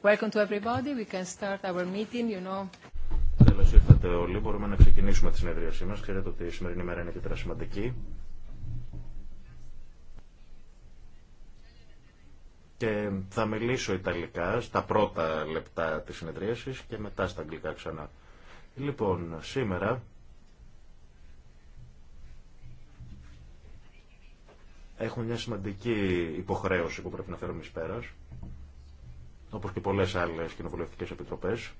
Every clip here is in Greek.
Welcome to everybody. We can start our meeting, you know. Καλώς ήρθατε όλοι. Μπορούμε να ξεκινήσουμε τη συνεδρίασή μας. Ξέρετε ότι η σημερινή μέρα είναι ιδιαίτερα σημαντική. Και θα μιλήσω Ιταλικά στα πρώτα λεπτά της συνεδρίασης και μετά στα Αγγλικά ξανά. Λοιπόν, σήμερα έχουμε μια σημαντική υποχρέωση που πρέπει να φέρουμε εις όπως και πολλές άλλες κοινοβουλευτικές επιτροπές.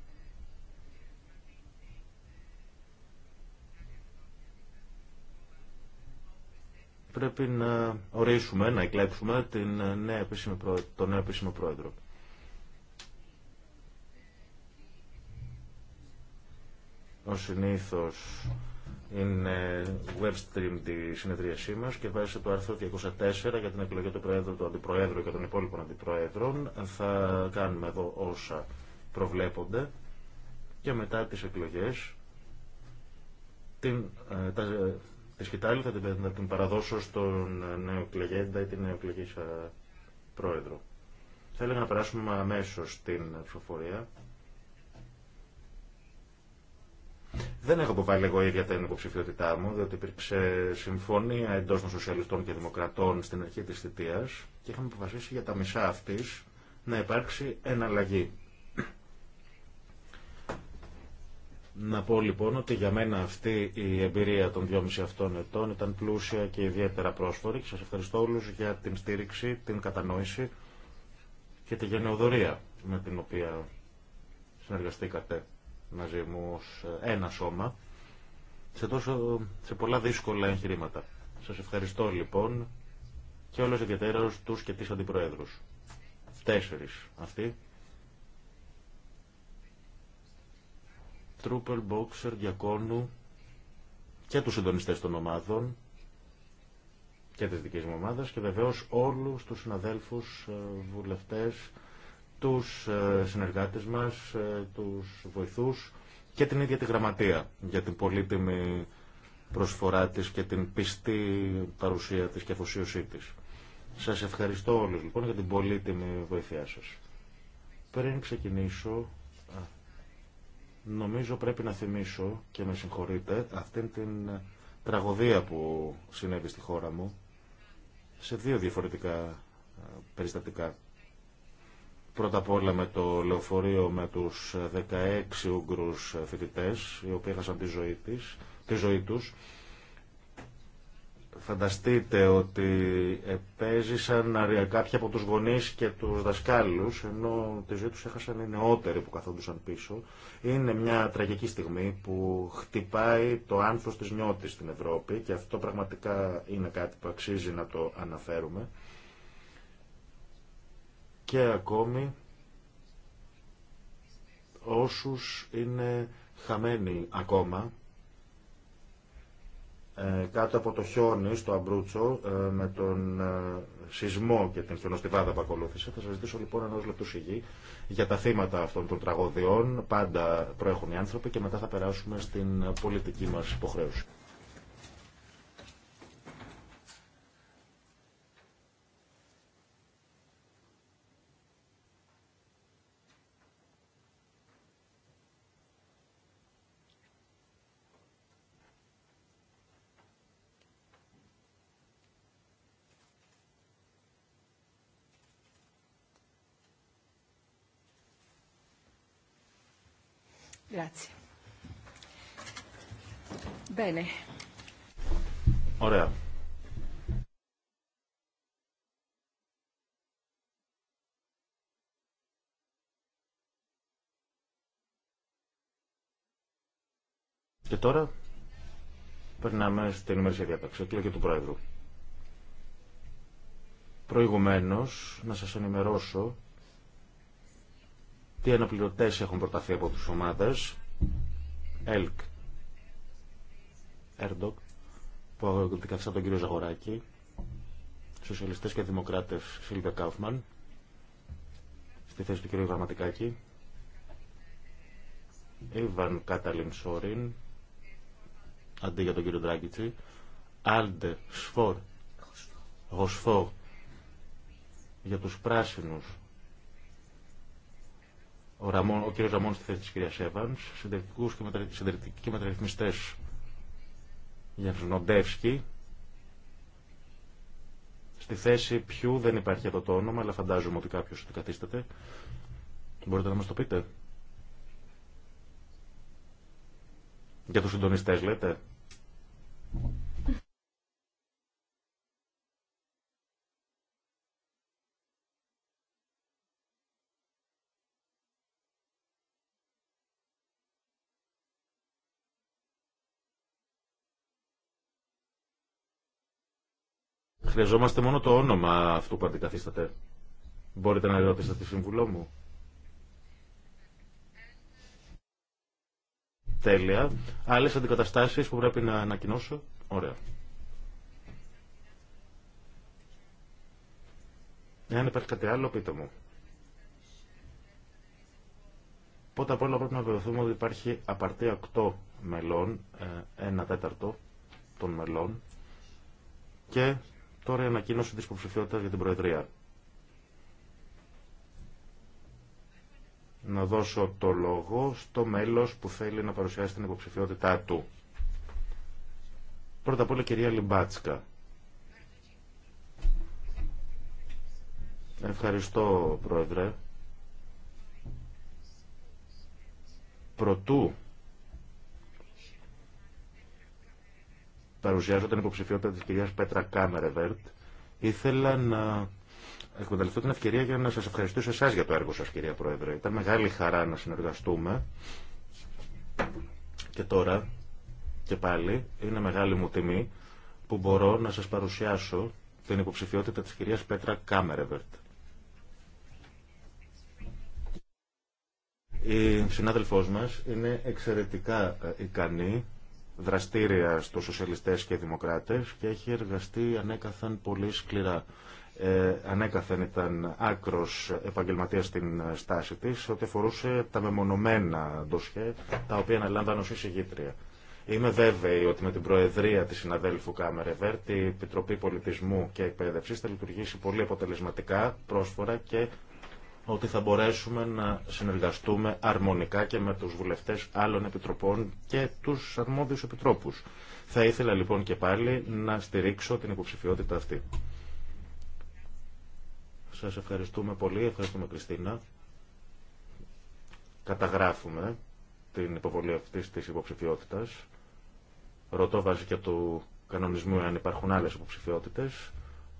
Πρέπει να ορίσουμε, να εκλέψουμε την νέα επίσημη το νέο επίσημο πρόεδρο. Ο συνήθως είναι web stream τη συνεδρίασή μα και βάσει το άρθρο 204 για την εκλογή του Προέδρου, του Αντιπροέδρου και των υπόλοιπων Αντιπροέδρων θα κάνουμε εδώ όσα προβλέπονται και μετά τις εκλογές την, ε, τα, ε, τη σκητάλη θα την, παραδώσω στον ε, νέο εκλεγέντα ή την νέο εκλεγήσα πρόεδρο. Θα έλεγα να περάσουμε αμέσω στην ψηφοφορία. Δεν έχω αποβάλει εγώ ίδια την υποψηφιότητά μου, διότι υπήρξε συμφωνία εντό των Σοσιαλιστών και Δημοκρατών στην αρχή τη θητεία και είχαμε αποφασίσει για τα μισά αυτή να υπάρξει εναλλαγή. Να πω λοιπόν ότι για μένα αυτή η εμπειρία των 2,5 αυτών ετών ήταν πλούσια και ιδιαίτερα πρόσφορη και σας ευχαριστώ όλους για την στήριξη, την κατανόηση και τη γενναιοδορία με την οποία συνεργαστήκατε μαζί μου ως ε, ένα σώμα σε, τόσο, σε πολλά δύσκολα εγχειρήματα. Σας ευχαριστώ λοιπόν και όλος ιδιαιτέρως τους και τις αντιπροέδρους. Τέσσερις αυτοί. Τρούπελ, Μπόξερ, Διακόνου και τους συντονιστές των ομάδων και της δικής μου ομάδας και βεβαίως όλους τους συναδέλφους ε, βουλευτές τους ε, συνεργάτες μας, ε, τους βοηθούς και την ίδια τη γραμματεία για την πολύτιμη προσφορά της και την πιστή παρουσία της και αφοσίωσή της. Σας ευχαριστώ όλους λοιπόν για την πολύτιμη βοήθειά σας. Πριν ξεκινήσω, νομίζω πρέπει να θυμίσω και με συγχωρείτε αυτήν την τραγωδία που συνέβη στη χώρα μου σε δύο διαφορετικά ε, περιστατικά. Πρώτα απ' όλα με το λεωφορείο με τους 16 Ούγγρους φοιτητές, οι οποίοι έχασαν τη ζωή, της, τη ζωή τους. Φανταστείτε ότι επέζησαν κάποιοι από τους γονείς και τους δασκάλους, ενώ τη ζωή τους έχασαν οι νεότεροι που καθόντουσαν πίσω. Είναι μια τραγική στιγμή που χτυπάει το άνθος της νιώτης στην Ευρώπη και αυτό πραγματικά είναι κάτι που αξίζει να το αναφέρουμε και ακόμη όσους είναι χαμένοι ακόμα ε, κάτω από το χιόνι στο Αμπρούτσο ε, με τον ε, σεισμό και την χιονοστιβάδα που ακολούθησε. Θα σας ζητήσω λοιπόν ενός λεπτού σιγή για τα θύματα αυτών των τραγωδιών. Πάντα προέχουν οι άνθρωποι και μετά θα περάσουμε στην πολιτική μας υποχρέωση. Grazie. Bene. Ωραία. Και τώρα περνάμε στην ημερήσια διάταξη, και του Πρόεδρου. Προηγουμένως, να σας ενημερώσω τι αναπληρωτέ έχουν προταθεί από τους ομάδε ΕΛΚ. ΕΡΝΤΟΚ. Που δικαθιστά τον κύριο Ζαγοράκη. Σοσιαλιστέ και Δημοκράτε Σίλβια Κάουφμαν. Στη θέση του κύριου Γραμματικάκη. Ιβαν Κάταλιν Σόριν. Αντί για τον κύριο Ντράγκητσι. Άλντε Σφόρ. Γοσφό. Για τους πράσινους ο, Ραμόν, ο κύριος Ραμόν στη θέση τη κυρία Εύαν, συντηρητικούς και, μεταρρυθμιστέ συντηρητικοί μεταρρυθμιστέ μεταρρυθμιστές Γιαννοντεύσκη, στη θέση ποιου δεν υπάρχει εδώ το όνομα, αλλά φαντάζομαι ότι κάποιος αντικαθίσταται. Μπορείτε να μα το πείτε. Για του συντονιστέ λέτε. Χρειαζόμαστε μόνο το όνομα αυτού που αντικαθίσταται. Μπορείτε να ρωτήσετε τη σύμβουλό μου. Τέλεια. Άλλες αντικαταστάσεις που πρέπει να ανακοινώσω. Ωραία. Εάν υπάρχει κάτι άλλο, πείτε μου. Πρώτα απ' όλα πρέπει να βεβαιωθούμε ότι υπάρχει απαρτία 8 μελών, 1 ε, τέταρτο των μελών και Τώρα η ανακοίνωση της υποψηφιότητας για την Προεδρία. Να δώσω το λόγο στο μέλος που θέλει να παρουσιάσει την υποψηφιότητά του. Πρώτα απ' όλα κυρία Λιμπάτσκα. Ευχαριστώ, Πρόεδρε. Προτού παρουσιάζω την υποψηφιότητα της κυρίας Πέτρα Κάμερεβερτ, ήθελα να εκμεταλλευτώ την ευκαιρία για να σας ευχαριστήσω εσάς για το έργο σας, κυρία Πρόεδρε. Ήταν μεγάλη χαρά να συνεργαστούμε. Και τώρα, και πάλι, είναι μεγάλη μου τιμή που μπορώ να σας παρουσιάσω την υποψηφιότητα της κυρίας Πέτρα Κάμερεβερτ. Η συνάδελφός μας είναι εξαιρετικά ε, ικανή δραστήρια στους σοσιαλιστές και δημοκράτες και έχει εργαστεί ανέκαθεν πολύ σκληρά. Ε, ανέκαθεν ήταν άκρος επαγγελματίας στην ε, στάση της, ότι αφορούσε τα μεμονωμένα ντοσχέ, τα οποία αναλάμβανε ως εισηγήτρια. Είμαι βέβαιη ότι με την προεδρία τη συναδέλφου Κάμερε Βέρτη, η Επιτροπή Πολιτισμού και Εκπαίδευση θα λειτουργήσει πολύ αποτελεσματικά, πρόσφορα και ότι θα μπορέσουμε να συνεργαστούμε αρμονικά και με τους βουλευτές άλλων επιτροπών και τους αρμόδιους επιτρόπους. Θα ήθελα λοιπόν και πάλι να στηρίξω την υποψηφιότητα αυτή. Σας ευχαριστούμε πολύ, ευχαριστούμε Κριστίνα. Καταγράφουμε την υποβολή αυτής της υποψηφιότητας. Ρωτώ βάζει και του κανονισμού αν υπάρχουν άλλες υποψηφιότητες.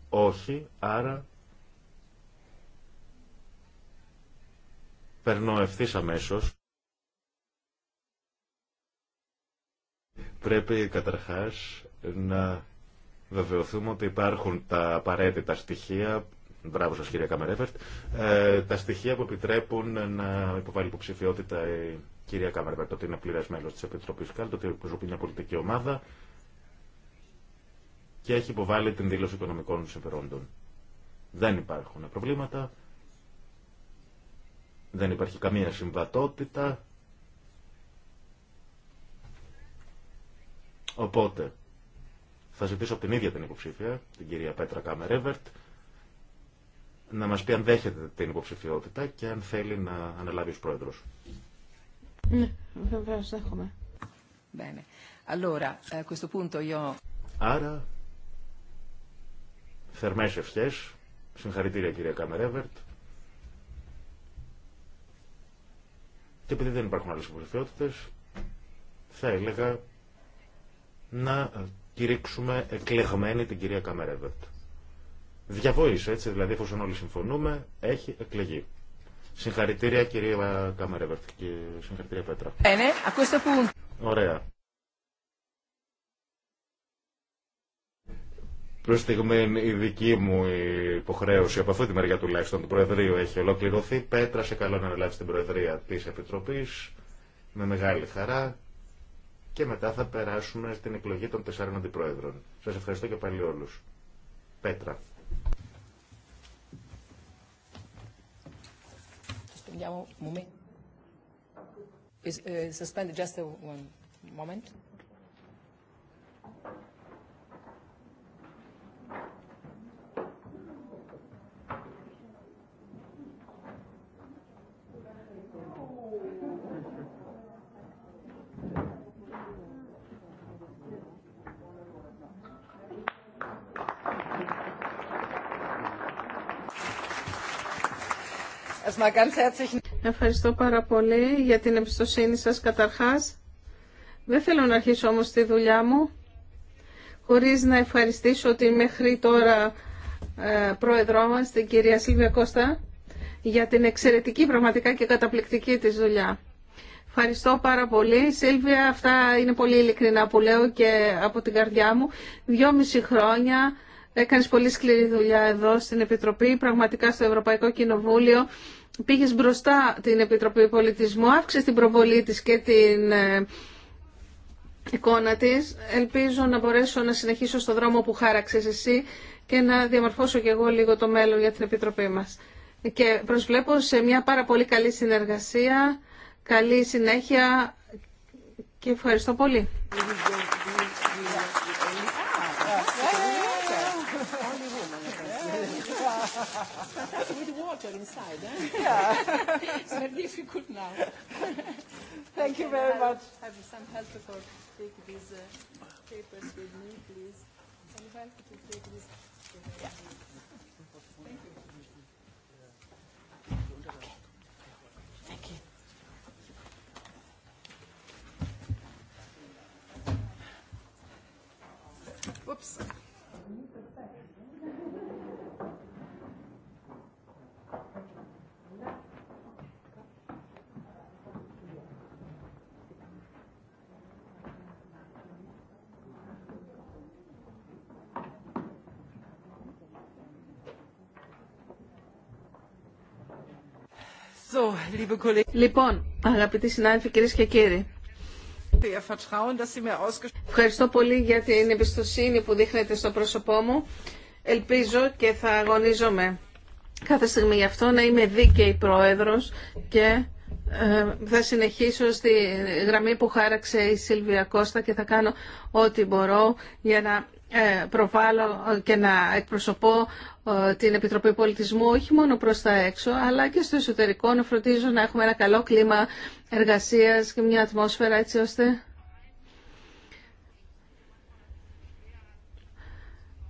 Όχι, άρα Περνώ ευθύ αμέσω. Πρέπει καταρχάς να βεβαιωθούμε ότι υπάρχουν τα απαραίτητα στοιχεία Μπράβο σας κυρία Καμερέφερτ. Ε, τα στοιχεία που επιτρέπουν να υποβάλει υποψηφιότητα η κυρία Καμερέφερτ, ότι είναι πλήρες μέλος της Επιτροπής Κάλτ, ότι εκπροσωπεί μια πολιτική ομάδα και έχει υποβάλει την δήλωση οικονομικών συμφερόντων. Δεν υπάρχουν προβλήματα. Δεν υπάρχει καμία συμβατότητα. Οπότε, θα ζητήσω από την ίδια την υποψήφια, την κυρία Πέτρα Κάμερεβερτ, να μας πει αν δέχεται την υποψηφιότητα και αν θέλει να αναλάβει ως πρόεδρος. Ναι, Άρα, θερμές ευχές, συγχαρητήρια κυρία Κάμερεβερτ. Και επειδή δεν υπάρχουν άλλες υποψηφιότητες, θα έλεγα να κηρύξουμε εκλεγμένη την κυρία Καμερέβερτ. Διαβόησε, έτσι, δηλαδή, εφόσον όλοι συμφωνούμε, έχει εκλεγεί. Συγχαρητήρια κυρία Καμερέβερτ και συγχαρητήρια Πέτρα. Ωραία. Προ στιγμή η δική μου υποχρέωση, από αυτή τη μεριά τουλάχιστον του Προεδρείου, έχει ολοκληρωθεί. Πέτρα, σε καλό να αναλάβει την Προεδρία τη Επιτροπή με μεγάλη χαρά και μετά θα περάσουμε στην εκλογή των τεσσάρων αντιπρόεδρων. Σας ευχαριστώ και πάλι όλους. Πέτρα. Uh, Ευχαριστώ πάρα πολύ για την εμπιστοσύνη σας καταρχάς. Δεν θέλω να αρχίσω όμως τη δουλειά μου χωρίς να ευχαριστήσω ότι μέχρι τώρα ε, πρόεδρό μας, την κυρία Σίλβια Κώστα, για την εξαιρετική πραγματικά και καταπληκτική της δουλειά. Ευχαριστώ πάρα πολύ. Σίλβια, αυτά είναι πολύ ειλικρινά που λέω και από την καρδιά μου. Δυόμιση χρόνια έκανες πολύ σκληρή δουλειά εδώ στην Επιτροπή, πραγματικά στο Ευρωπαϊκό Κοινοβούλιο πήγες μπροστά την Επιτροπή Πολιτισμού, αύξησε την προβολή της και την ε, εικόνα της. Ελπίζω να μπορέσω να συνεχίσω στο δρόμο που χάραξες εσύ και να διαμορφώσω κι εγώ λίγο το μέλλον για την Επιτροπή μας. Και προσβλέπω σε μια πάρα πολύ καλή συνεργασία, καλή συνέχεια και ευχαριστώ πολύ. Fantastic with water inside, eh? Yeah. it's very difficult now. Thank you very much. Have some help to take these papers with me, please. Can you help to take this? Yeah. Thank you. Thank you. Oops. λοιπόν, αγαπητοί συνάδελφοι, κυρίε και κύριοι, ευχαριστώ πολύ για την εμπιστοσύνη που δείχνετε στο πρόσωπό μου. Ελπίζω και θα αγωνίζομαι κάθε στιγμή γι' αυτό να είμαι δίκαιη πρόεδρος και ε, θα συνεχίσω στη γραμμή που χάραξε η Σίλβια Κώστα και θα κάνω ό,τι μπορώ για να ε, προβάλλω και να εκπροσωπώ ε, την Επιτροπή Πολιτισμού όχι μόνο προς τα έξω αλλά και στο εσωτερικό να φροντίζουν να έχουμε ένα καλό κλίμα εργασίας και μια ατμόσφαιρα έτσι ώστε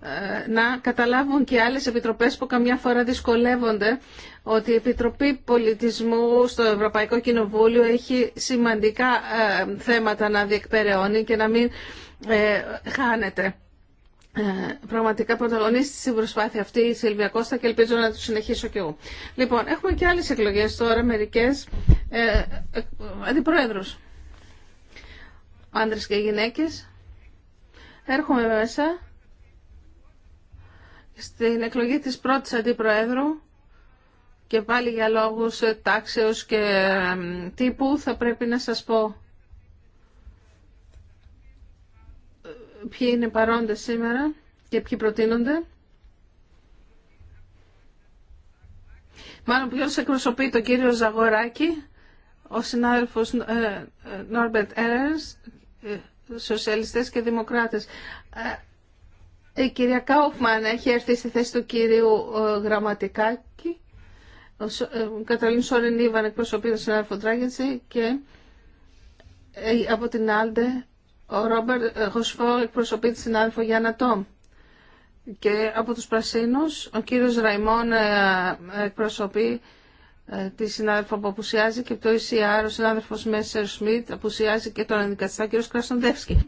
ε, να καταλάβουν και άλλες επιτροπές που καμιά φορά δυσκολεύονται ότι η Επιτροπή Πολιτισμού στο Ευρωπαϊκό Κοινοβούλιο έχει σημαντικά ε, θέματα να διεκπεραιώνει και να μην χάνεται. Ε, πραγματικά πρωταγωνίστησε στην προσπάθεια αυτή η Σιλβία Κώστα και ελπίζω να το συνεχίσω κι εγώ. Λοιπόν, έχουμε και άλλες εκλογές τώρα, μερικές ε, ε, Άντρες και γυναίκες. Έρχομαι μέσα στην εκλογή της πρώτης αντιπροέδρου και πάλι για λόγους τάξεως και ε, τύπου θα πρέπει να σας πω ποιοι είναι παρόντες σήμερα και ποιοι προτείνονται. Μάλλον ποιος εκπροσωπεί τον κύριο Ζαγοράκη, ο συνάδελφος ε, ε, Νόρμπερτ Έρερς, ε, σοσιαλιστές και δημοκράτες. Η κυρία Κάουφμαν έχει έρθει στη θέση του κύριου Γραμματικάκη. Ο Καταλήν Σόρεν Ήβαν εκπροσωπεί τον συνάδελφο και από την Άλντε ο Ρόμπερτ Χωσφό, εκπροσωπεί τη συνάδελφο Γιάννα Τόμ. Και από τους Πρασίνους, ο κύριος Ραϊμόν ε, εκπροσωπεί ε, τη συνάδελφο που απουσιάζει και το ECR, ο συνάδελφος Μέσσερ Σμιτ απουσιάζει και τον αντικαθιστά κύριο Κρασοντεύσκη.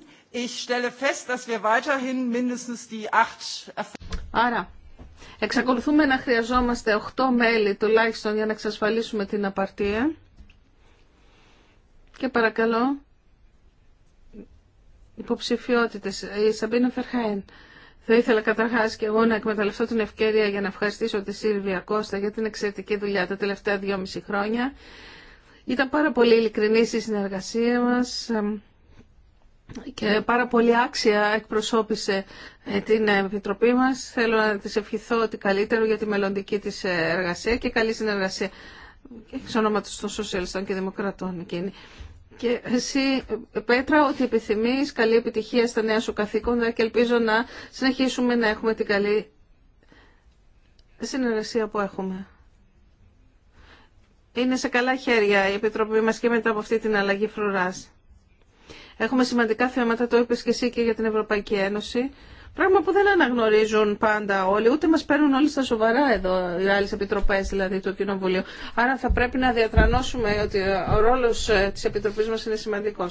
Άρα, εξακολουθούμε να χρειαζόμαστε 8 μέλη τουλάχιστον για να εξασφαλίσουμε την απαρτία. Και παρακαλώ υποψηφιότητε. Η Σαμπίνα Φερχάιν. Θα ήθελα καταρχά και εγώ να εκμεταλλευτώ την ευκαιρία για να ευχαριστήσω τη Σίλβια Κώστα για την εξαιρετική δουλειά τα τελευταία δυόμιση χρόνια. Ήταν πάρα πολύ ειλικρινή η συνεργασία μα και πάρα πολύ άξια εκπροσώπησε ε, την Επιτροπή μα. Θέλω να τη ευχηθώ ότι καλύτερο για τη μελλοντική της ε, εργασία και καλή συνεργασία εξ ονόματο των Σοσιαλιστών και Δημοκρατών εκείνη. Και εσύ, Πέτρα, ότι επιθυμείς καλή επιτυχία στα νέα σου καθήκοντα και ελπίζω να συνεχίσουμε να έχουμε την καλή συνεργασία που έχουμε. Είναι σε καλά χέρια η Επιτροπή μας και μετά από αυτή την αλλαγή φρουράς. Έχουμε σημαντικά θέματα, το είπες και εσύ και για την Ευρωπαϊκή Ένωση. Πράγμα που δεν αναγνωρίζουν πάντα όλοι, ούτε μα παίρνουν όλοι στα σοβαρά εδώ, οι άλλε επιτροπέ δηλαδή του Κοινοβουλίου. Άρα θα πρέπει να διατρανώσουμε ότι ο ρόλο ε, τη επιτροπή μα είναι σημαντικό.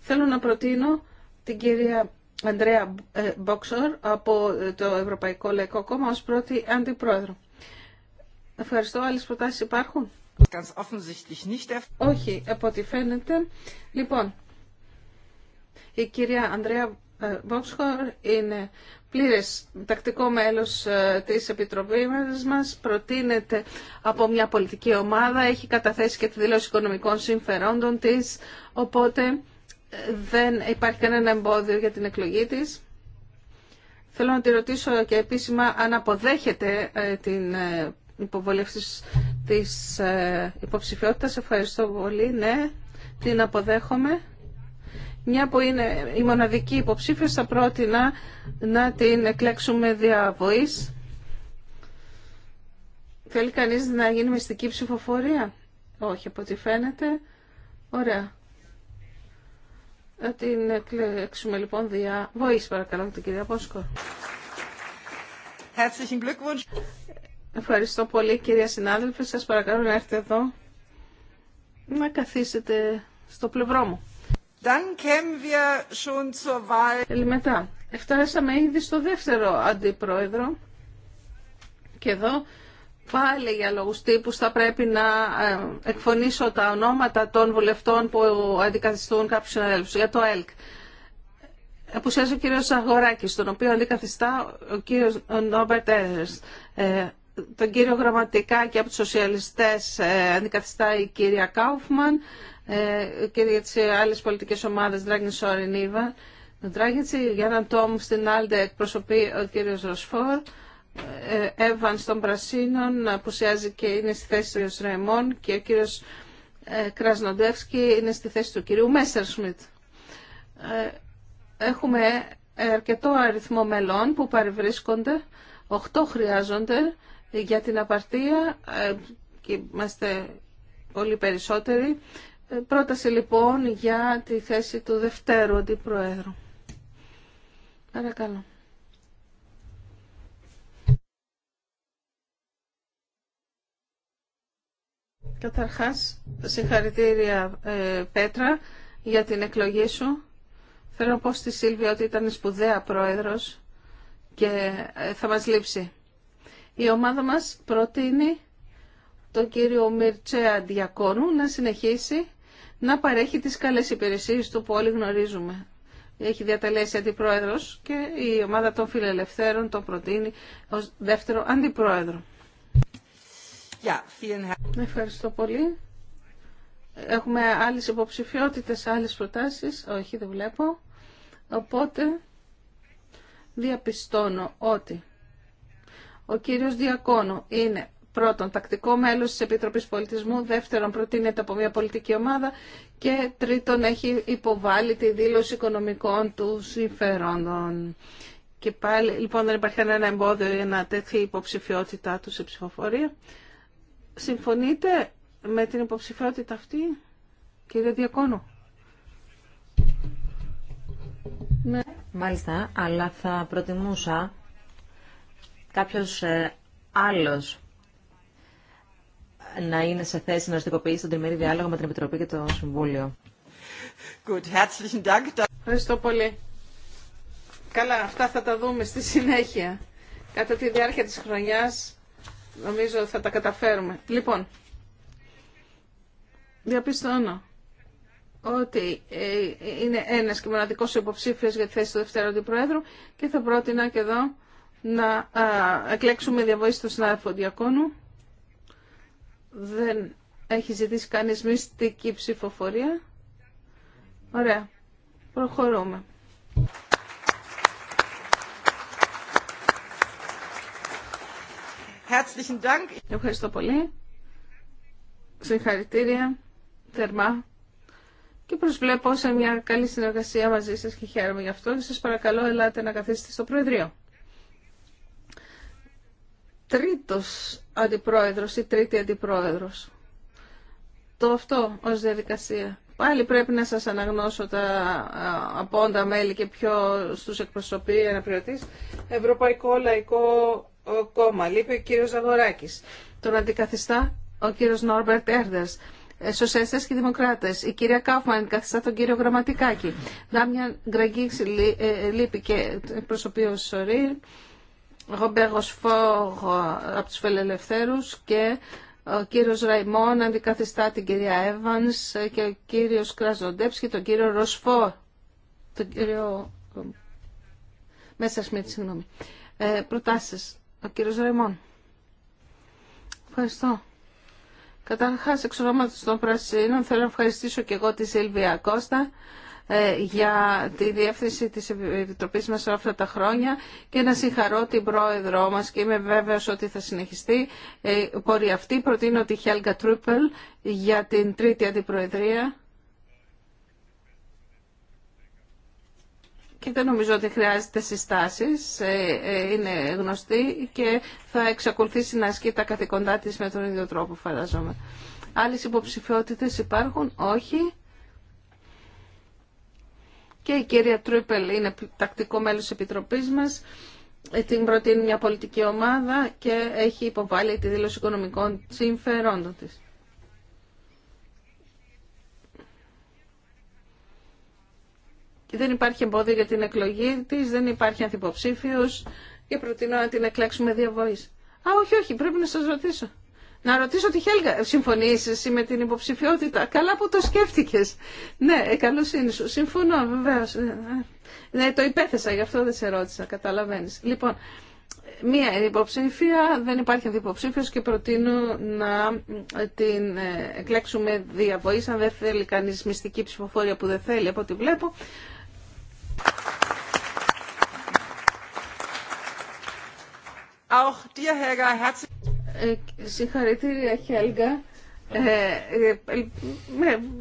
Θέλω να προτείνω την κυρία Ανδρέα ε, Μπόξορ από ε, το Ευρωπαϊκό Λαϊκό Κόμμα ω πρώτη αντιπρόεδρο. Ευχαριστώ. άλλε προτάσει υπάρχουν? Όχι, από ό,τι φαίνεται. Λοιπόν, η κυρία Ανδρέα Βόξχορ είναι πλήρες τακτικό μέλος ε, της Επιτροπής μας, προτείνεται από μια πολιτική ομάδα, έχει καταθέσει και τη δήλωση οικονομικών συμφερόντων της, οπότε ε, δεν υπάρχει κανένα εμπόδιο για την εκλογή της. Θέλω να τη ρωτήσω και επίσημα αν αποδέχεται ε, την υποβολή της υποψηφιότητας. Ευχαριστώ πολύ. Ναι, την αποδέχομαι μια που είναι η μοναδική υποψήφια θα πρότεινα να την εκλέξουμε διαβοής. Θέλει κανείς να γίνει μυστική ψηφοφορία. Όχι, από ό,τι φαίνεται. Ωραία. Να την εκλέξουμε λοιπόν δια βοής παρακαλώ την κυρία Πόσκο. Ευχαριστώ πολύ κυρία συνάδελφε. Σας παρακαλώ να έρθετε εδώ να καθίσετε στο πλευρό μου. Μετά, Εφτάσαμε ήδη στο δεύτερο αντιπρόεδρο και εδώ πάλι για λόγους τύπους θα πρέπει να ε, εκφωνήσω τα ονόματα των βουλευτών που αντικαθιστούν κάποιους συναδέλφους για το ΕΛΚ. Αποουσιάζει ο κύριος Αγοράκης, τον οποίο αντικαθιστά ο κύριος Νόμπερτ Έζερς. Τον κύριο Γραμματικά και από τους σοσιαλιστές ε, αντικαθιστά η κυρία Κάουφμαν ε, και για τις άλλες πολιτικές ομάδες Ντράγκη Σόριν για έναν Τόμ στην Άλντε εκπροσωπεί ο κύριος Ροσφόρ. Ε, Εύαν των Πρασίνων απουσιάζει και είναι στη θέση του Ρεμόν και ο κύριος ε, Κρασνοντεύσκη είναι στη θέση του κυρίου Μέσσερ Σμιτ. Έχουμε αρκετό αριθμό μελών που παρευρίσκονται, 8 χρειάζονται για την απαρτία και είμαστε πολύ περισσότεροι Πρόταση λοιπόν για τη θέση του Δευτέρου Αντιπροέδρου. Παρακαλώ. Καταρχάς, συγχαρητήρια ε, Πέτρα για την εκλογή σου. Θέλω να πω στη Σίλβια ότι ήταν σπουδαία πρόεδρος και ε, θα μας λείψει. Η ομάδα μας προτείνει τον κύριο Μιρτσέα Διακόνου να συνεχίσει να παρέχει τις καλές υπηρεσίες του που όλοι γνωρίζουμε. Έχει διαταλέσει αντιπρόεδρος και η ομάδα των φιλελευθέρων τον προτείνει ως δεύτερο αντιπρόεδρο. Ευχαριστώ πολύ. Έχουμε άλλες υποψηφιότητες, άλλες προτάσεις. Όχι, δεν βλέπω. Οπότε διαπιστώνω ότι ο κύριος Διακόνο είναι Πρώτον, τακτικό μέλος της Επιτροπής Πολιτισμού. Δεύτερον, προτείνεται από μια πολιτική ομάδα. Και τρίτον, έχει υποβάλει τη δήλωση οικονομικών του συμφερόντων. Και πάλι, λοιπόν, δεν υπάρχει κανένα εμπόδιο για να τέθει η υποψηφιότητά του σε ψηφοφορία. Συμφωνείτε με την υποψηφιότητα αυτή, κύριε Διακόνο. Ναι. Μάλιστα, αλλά θα προτιμούσα κάποιος ε, άλλος να είναι σε θέση να οριστικοποιήσει τον τριμερή διάλογο με την Επιτροπή και το Συμβούλιο. Ευχαριστώ πολύ. Καλά, αυτά θα τα δούμε στη συνέχεια. Κατά τη διάρκεια της χρονιάς νομίζω θα τα καταφέρουμε. Λοιπόν, διαπιστώνω ότι ε, είναι ένας και μοναδικός υποψήφιος για τη θέση του Δευτέρου Πρόεδρου και θα πρότεινα και εδώ να εκλέξουμε διαβοή του συνάδελφου Διακόνου. Δεν έχει ζητήσει κανείς μυστική ψηφοφορία. Ωραία. Προχωρούμε. Ευχαριστώ πολύ. Συγχαρητήρια. Θερμά. Και προσβλέπω σε μια καλή συνεργασία μαζί σας και χαίρομαι γι' αυτό. Σας παρακαλώ ελάτε να καθίσετε στο Προεδρείο τρίτος αντιπρόεδρος ή τρίτη αντιπρόεδρος. Το αυτό ως διαδικασία. Πάλι πρέπει να σας αναγνώσω τα απόντα μέλη και πιο στους εκπροσωπεί Ευρωπαϊκό Λαϊκό Κόμμα. Λείπει ο κύριος Ζαγοράκης. Τον αντικαθιστά ο κύριος Νόρμπερτ Έρδερς. Ε, Σοσιαλιστέ και Δημοκράτε. Η κυρία Κάφμαν καθιστά τον κύριο Γραμματικάκη. Δάμια Γκραγκίξη ε, ε, λείπει και ο Σορή. Γομπέ ε, από τους Φελελευθέρους και ο κύριος Ραϊμόν αντικαθιστά την κυρία Εύανς και ο κύριος Κραζοντέψ και τον κύριο Ροσφό, τον κύριο Μέσα Σμίτ, συγγνώμη. Ε, προτάσεις. Ο κύριος Ραϊμόν. Ευχαριστώ. Καταρχάς, εξ ονόματος των Πρασίνων, θέλω να ευχαριστήσω και εγώ τη Σίλβια Κώστα ε, για τη διεύθυνση της Επιτροπής μας όλα αυτά τα χρόνια και να συγχαρώ την πρόεδρό μας και είμαι βέβαιος ότι θα συνεχιστεί. ε, πορεία αυτή προτείνω τη Χέλγα Τρούπελ για την τρίτη αντιπροεδρία. και δεν νομίζω ότι χρειάζεται συστάσεις, ε, ε, είναι γνωστή και θα εξακολουθήσει να ασκεί τα καθηκοντά της με τον ίδιο τρόπο φανταζόμαι. Άλλες υποψηφιότητες υπάρχουν, όχι και η κυρία Τρούπελ είναι τακτικό μέλος της Επιτροπής μας. Ε, την προτείνει μια πολιτική ομάδα και έχει υποβάλει τη δήλωση οικονομικών συμφερόντων της. Δεν υπάρχει εμπόδιο για την εκλογή της, δεν υπάρχει ανθυποψήφιος και προτείνω να την εκλέξουμε δύο Α, όχι, όχι, πρέπει να σας ρωτήσω. Να ρωτήσω τη Χέλγα, συμφωνείς εσύ με την υποψηφιότητα. Καλά που το σκέφτηκες. Ναι, ε, καλώς είναι σου. Συμφωνώ, βεβαίως. Ναι, το υπέθεσα, γι' αυτό δεν σε ρώτησα, καταλαβαίνεις. Λοιπόν, μία υποψήφια, δεν υπάρχει αντιποψήφιος και προτείνω να την εκλέξουμε διαβοής, αν δεν θέλει κανείς μυστική ψηφοφόρια που δεν θέλει, από ό,τι βλέπω. Auch dir, Helga, ε, συγχαρητήρια, Χέλγα. Ε, ε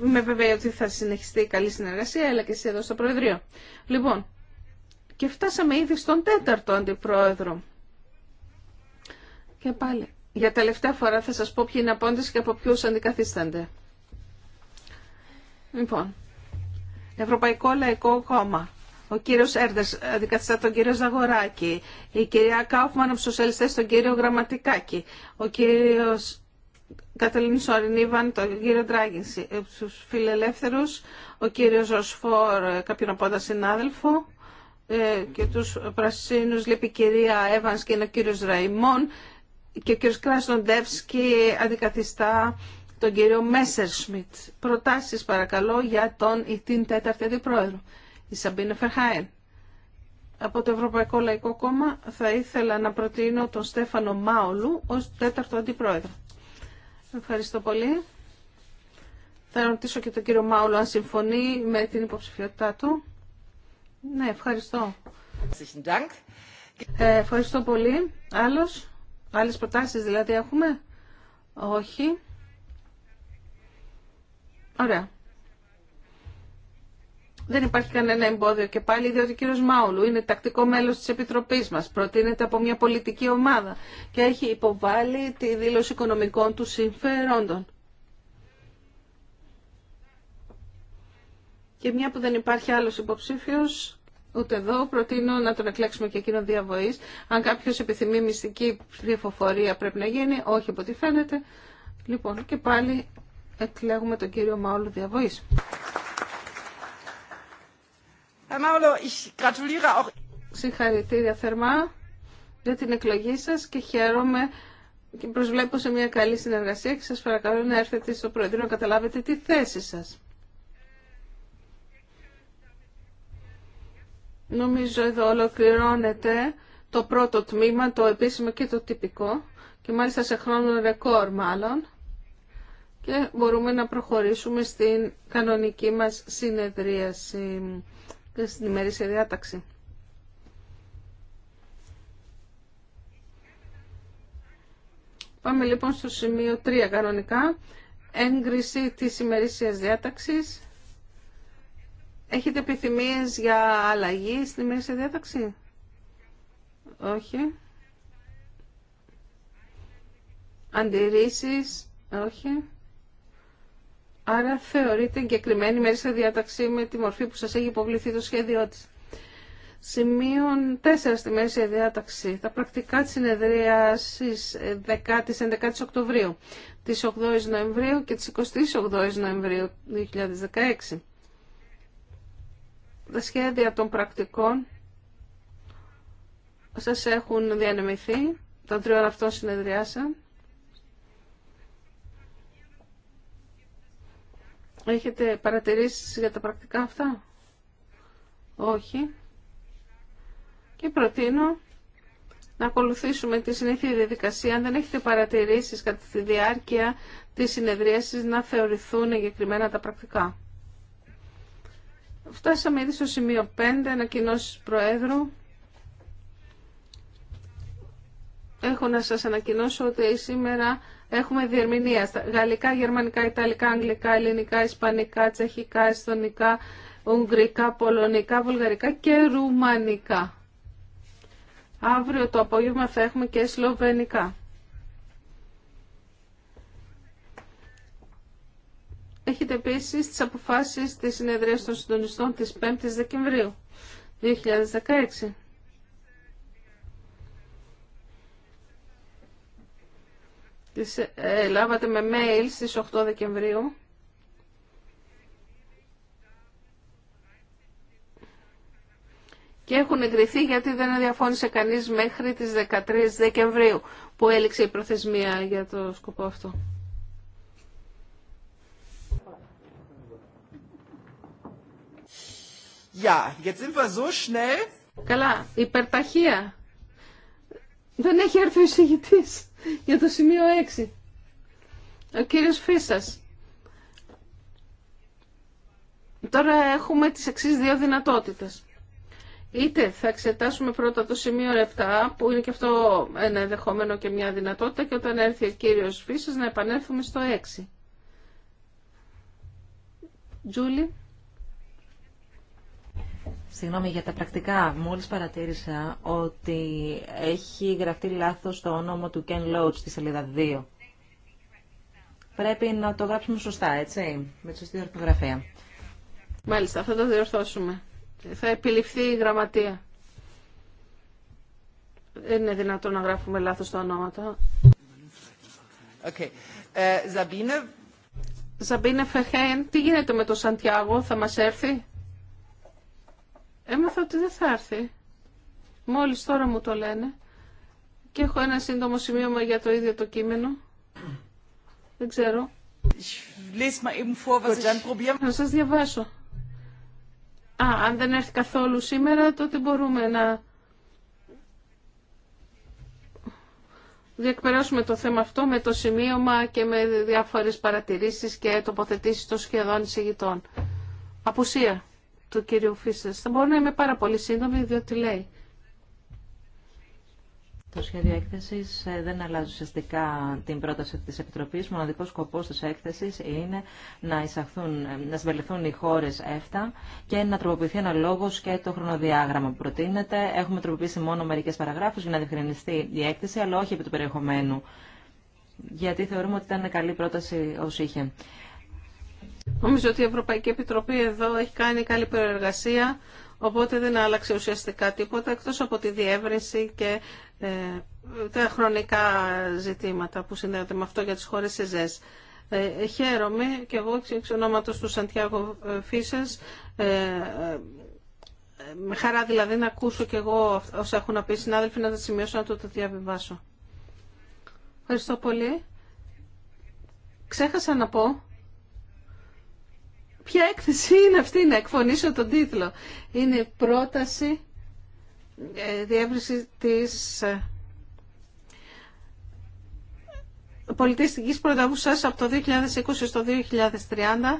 με βέβαια ότι θα συνεχιστεί η καλή συνεργασία, αλλά και εσύ εδώ στο Προεδρείο. Λοιπόν, και φτάσαμε ήδη στον τέταρτο αντιπρόεδρο. Και πάλι, για τελευταία φορά θα σας πω ποιοι είναι απόντες και από ποιους αντικαθίστανται. Λοιπόν, Ευρωπαϊκό Λαϊκό Κόμμα. Ο κύριο Έρδε, αντικαθιστά τον κύριο Ζαγοράκη. Η κυρία Κάουφμαν από σοσιαλιστέ, τον κύριο Γραμματικάκη. Ο κύριος Καταλήνη Σορινίβαν, τον κύριο Ντράγκινση. του φιλελεύθερου, ο κύριο Ροσφόρ, ε, κάποιον από τα συνάδελφο ε, και τους πρασίνους λείπει η κυρία Εύαν και είναι ο κύριο Ραϊμόν και ο κύριος Κράσνοντεύσκη αντικαθιστά τον κύριο Μέσερ Σμιτ. Προτάσεις παρακαλώ για τον ή την τέταρτη αντιπρόεδρο η Σαμπίνε Φερχάεν. Από το Ευρωπαϊκό Λαϊκό Κόμμα θα ήθελα να προτείνω τον Στέφανο Μάολου ως τέταρτο αντιπρόεδρο. Ευχαριστώ πολύ. Θα ρωτήσω και τον κύριο Μάουλο αν συμφωνεί με την υποψηφιότητά του. Ναι, ευχαριστώ. Ε, ευχαριστώ πολύ. Άλλος, άλλες προτάσεις δηλαδή έχουμε. Όχι. Ωραία. Δεν υπάρχει κανένα εμπόδιο και πάλι διότι ο κύριος Μάουλου είναι τακτικό μέλος της Επιτροπής μας, προτείνεται από μια πολιτική ομάδα και έχει υποβάλει τη δήλωση οικονομικών του συμφερόντων. Και μια που δεν υπάρχει άλλος υποψήφιος, ούτε εδώ, προτείνω να τον εκλέξουμε και εκείνον διαβοή. Αν κάποιο επιθυμεί μυστική ψηφοφορία πρέπει να γίνει, όχι από ό,τι φαίνεται. Λοιπόν, και πάλι εκλέγουμε τον κύριο Μάουλου διαβοή. Συγχαρητήρια θερμά για την εκλογή σα και χαίρομαι και προσβλέπω σε μια καλή συνεργασία και σα παρακαλώ να έρθετε στο Προεδρείο να καταλάβετε τη θέση σα. Νομίζω εδώ ολοκληρώνεται το πρώτο τμήμα, το επίσημο και το τυπικό και μάλιστα σε χρόνο ρεκόρ μάλλον και μπορούμε να προχωρήσουμε στην κανονική μας συνεδρίαση και στην ημερήσια διάταξη. Πάμε λοιπόν στο σημείο 3 κανονικά. Έγκριση της ημερήσιας διάταξης. Έχετε επιθυμίες για αλλαγή στην ημερήσια διάταξη? Όχι. Αντιρρήσεις? Όχι. Άρα θεωρείται εγκεκριμένη μέρη σε διάταξη με τη μορφή που σας έχει υποβληθεί το σχέδιό της. Σημείων 4 στη μέση διάταξη. Τα πρακτικά της συνεδρίασης 10-11 ε, Οκτωβρίου, της 8 Νοεμβρίου και της 28 Νοεμβρίου 2016. Τα σχέδια των πρακτικών σας έχουν διανεμηθεί των τριών αυτών συνεδριάσαν. Έχετε παρατηρήσεις για τα πρακτικά αυτά? Όχι. Και προτείνω να ακολουθήσουμε τη συνήθεια διαδικασία. Αν δεν έχετε παρατηρήσεις κατά τη διάρκεια της συνεδρίασης να θεωρηθούν εγκεκριμένα τα πρακτικά. Φτάσαμε ήδη στο σημείο 5, ανακοινώσεις Προέδρου. έχω να σας ανακοινώσω ότι σήμερα έχουμε διερμηνία στα γαλλικά, γερμανικά, ιταλικά, αγγλικά, ελληνικά, ισπανικά, τσεχικά, εστονικά, ουγγρικά, πολωνικά, βουλγαρικά και ρουμανικά. Αύριο το απόγευμα θα έχουμε και σλοβενικά. Έχετε επίση τι αποφάσει τη συνεδρία των συντονιστών τη 5η Δεκεμβρίου 2016. Τις ε, λάβατε με mail στις 8 Δεκεμβρίου. Και έχουν εγκριθεί γιατί δεν διαφώνησε κανείς μέχρι τις 13 Δεκεμβρίου που έληξε η προθεσμία για το σκοπό αυτό. Καλά, υπερταχεία. Δεν έχει έρθει ο εισηγητής για το σημείο 6. Ο κύριος Φίσας. Τώρα έχουμε τις εξή δύο δυνατότητες. Είτε θα εξετάσουμε πρώτα το σημείο 7, που είναι και αυτό ένα ενδεχόμενο και μια δυνατότητα, και όταν έρθει ο κύριος Φίσας να επανέλθουμε στο 6. Τζούλη. Συγγνώμη για τα πρακτικά. Μόλις παρατήρησα ότι έχει γραφτεί λάθος το όνομα του Ken Loach στη σελίδα 2. Πρέπει να το γράψουμε σωστά, έτσι, με τη σωστή ορθογραφία. Μάλιστα, θα το διορθώσουμε. Θα επιληφθεί η γραμματεία. Δεν είναι δυνατόν να γράφουμε λάθος τα ονόματα. Okay. Ε, Ζαμπίνε. Ζαμπίνε Φεχέν, τι γίνεται με τον Σαντιάγο, θα μας έρθει. Έμαθα ότι δεν θα έρθει. Μόλις τώρα μου το λένε. Και έχω ένα σύντομο σημείωμα για το ίδιο το κείμενο. Δεν ξέρω. Να σας διαβάσω. Α, αν δεν έρθει καθόλου σήμερα, τότε μπορούμε να διακπεράσουμε το θέμα αυτό με το σημείωμα και με διάφορες παρατηρήσεις και τοποθετήσεις των σχεδόν εισηγητών. Απουσία του κύριου Θα μπορώ να είμαι πάρα πολύ σύντομη, διότι λέει. Το σχέδιο έκθεση ε, δεν αλλάζει ουσιαστικά την πρόταση τη Επιτροπή. Μοναδικό σκοπό τη έκθεση είναι να, εισαχθούν, ε, να συμπεριληφθούν οι χώρε ΕΦΤΑ και να τροποποιηθεί αναλόγω και το χρονοδιάγραμμα που προτείνεται. Έχουμε τροποποιήσει μόνο μερικέ παραγράφου για να διευκρινιστεί η έκθεση, αλλά όχι επί του περιεχομένου. Γιατί θεωρούμε ότι ήταν καλή πρόταση ω είχε. Νομίζω ότι η Ευρωπαϊκή Επιτροπή εδώ έχει κάνει καλή προεργασία, οπότε δεν άλλαξε ουσιαστικά τίποτα, εκτός από τη διεύρυνση και ε, τα χρονικά ζητήματα που συνδέονται με αυτό για τις χώρες ΕΖΕΣ. Ε, χαίρομαι και εγώ εξ ονόματος του Σαντιάγο ε, Φίσες, ε, ε, με χαρά δηλαδή να ακούσω και εγώ όσα έχουν να πει οι συνάδελφοι, να τα σημειώσω να το, το διαβιβάσω. Ευχαριστώ πολύ. Ξέχασα να πω Ποια έκθεση είναι αυτή, να εκφωνήσω τον τίτλο. Είναι πρόταση ε, διεύρυνση της ε, πολιτιστικής σας από το 2020 στο 2030.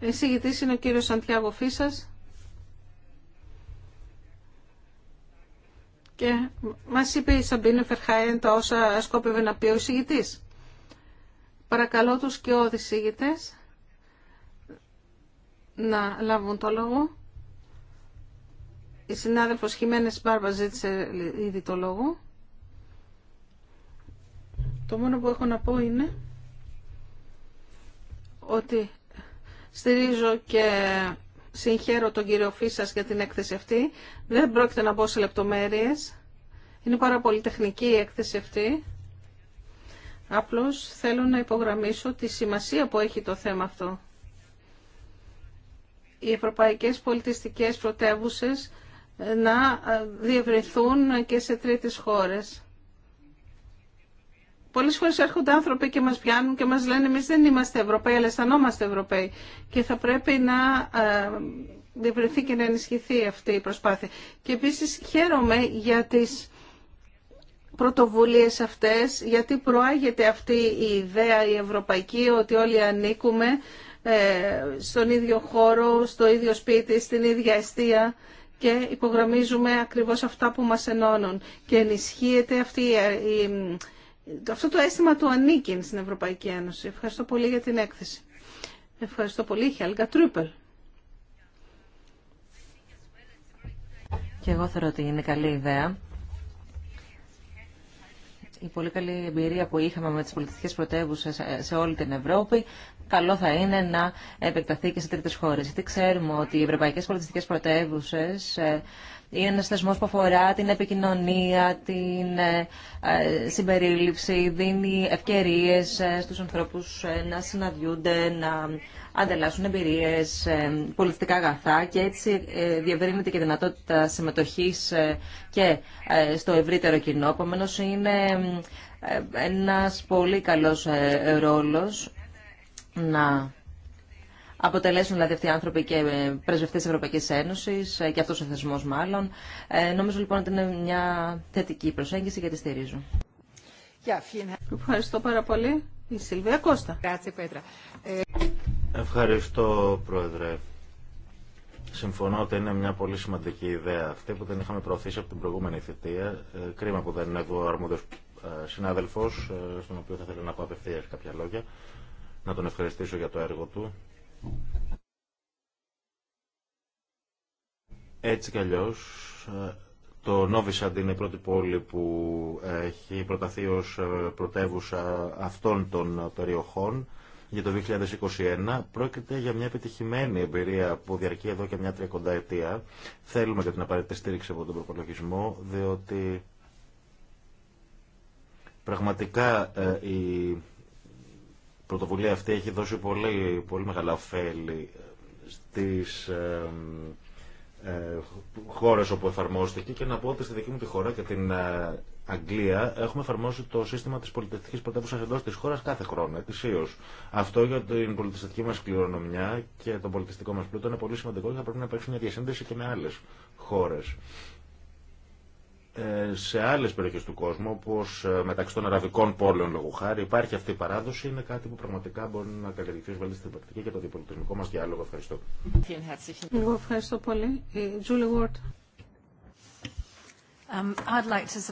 Εισηγητής είναι ο κύριος Σαντιάγο Φίσας. Και μας είπε η Σαμπίνε Φερχάιν τα όσα σκόπευε να πει ο εισηγητής. Παρακαλώ τους και οι εισηγητές να λάβουν το λόγο. Η συνάδελφος Χιμένες Μπάρβα ζήτησε ήδη το λόγο. Το μόνο που έχω να πω είναι ότι στηρίζω και συγχαίρω τον κύριο Φίσας για την έκθεση αυτή. Δεν πρόκειται να μπω σε λεπτομέρειες. Είναι πάρα πολύ τεχνική η έκθεση αυτή. Απλώς θέλω να υπογραμμίσω τη σημασία που έχει το θέμα αυτό οι ευρωπαϊκές πολιτιστικές πρωτεύουσες να διευρυθούν και σε τρίτες χώρες. Πολλέ φορέ έρχονται άνθρωποι και μα πιάνουν και μα λένε: Εμεί δεν είμαστε Ευρωπαίοι, αλλά αισθανόμαστε Ευρωπαίοι. Και θα πρέπει να ε, διευρυνθεί και να ενισχυθεί αυτή η προσπάθεια. Και επίση χαίρομαι για τι πρωτοβουλίε αυτέ, γιατί προάγεται αυτή η ιδέα η ευρωπαϊκή ότι όλοι ανήκουμε ε, στον ίδιο χώρο, στο ίδιο σπίτι, στην ίδια αιστεία και υπογραμμίζουμε ακριβώς αυτά που μας ενώνουν και ενισχύεται αυτή η, αυτό το αίσθημα του ανήκειν στην Ευρωπαϊκή Ένωση. Ευχαριστώ πολύ για την έκθεση. Ευχαριστώ πολύ, Χέλγα Τρούπελ. Και εγώ θεωρώ ότι είναι καλή ιδέα. Η πολύ καλή εμπειρία που είχαμε με τις πολιτικές πρωτεύουσες σε όλη την Ευρώπη καλό θα είναι να επεκταθεί και σε τρίτες χώρες. Γιατί ξέρουμε ότι οι ευρωπαϊκές πολιτιστικές πρωτεύουσε ε, είναι ένα θεσμό που αφορά την επικοινωνία, την ε, ε, συμπερίληψη, δίνει ευκαιρίες στους ανθρώπους να συναντιούνται, να αντελάσσουν εμπειρίες, πολιτιστικά αγαθά και έτσι διευρύνεται και η δυνατότητα συμμετοχή και στο ευρύτερο κοινό. Επομένω είναι ένας πολύ καλός ρόλος να αποτελέσουν δηλαδή αυτοί οι άνθρωποι και πρεσβευτέ τη Ευρωπαϊκή Ένωση ε, και αυτό ο θεσμό μάλλον. Ε, νομίζω λοιπόν ότι είναι μια θετική προσέγγιση και τη στηρίζω. Ευχαριστώ πάρα πολύ. Η Σιλβία Κώστα. Ε, Ευχαριστώ Πρόεδρε. Συμφωνώ ότι είναι μια πολύ σημαντική ιδέα αυτή που δεν είχαμε προωθήσει από την προηγούμενη θητεία. Ε, κρίμα που δεν είναι εδώ ο αρμόδιος συνάδελφος, στον οποίο θα ήθελα να πω απευθεία κάποια λόγια να τον ευχαριστήσω για το έργο του. Έτσι κι αλλιώς, ε, το Νόβισαντ είναι η πρώτη πόλη που έχει προταθεί ως ε, πρωτεύουσα αυτών των περιοχών για το 2021. Πρόκειται για μια επιτυχημένη εμπειρία που διαρκεί εδώ και μια τριακοντά ετία. Θέλουμε και την απαραίτητη στήριξη από τον προπολογισμό, διότι πραγματικά ε, η πρωτοβουλία αυτή έχει δώσει πολύ, πολύ μεγάλα ωφέλη ε, στις ε, ε, χώρες όπου εφαρμόστηκε και να πω ότι στη δική μου τη χώρα και την ε, Αγγλία έχουμε εφαρμόσει το σύστημα της πολιτιστικής πρωτεύουσας εντός της χώρας κάθε χρόνο, ετησίως. Αυτό για την πολιτιστική μας κληρονομιά και τον πολιτιστικό μας πλούτο είναι πολύ σημαντικό και θα πρέπει να υπάρξει μια διασύνδεση και με άλλες χώρες. Ε, σε άλλε περιοχέ του κόσμου, όπω ε, μεταξύ των αραβικών πόλεων λόγω χάρη, υπάρχει αυτή η παράδοση, είναι κάτι που πραγματικά μπορεί να καλλιεργηθεί ω βαλίστη στην πρακτική για το διπολιτισμικό μα διάλογο. Ευχαριστώ. Εγώ ευχαριστώ πολύ. Τζούλι Και um,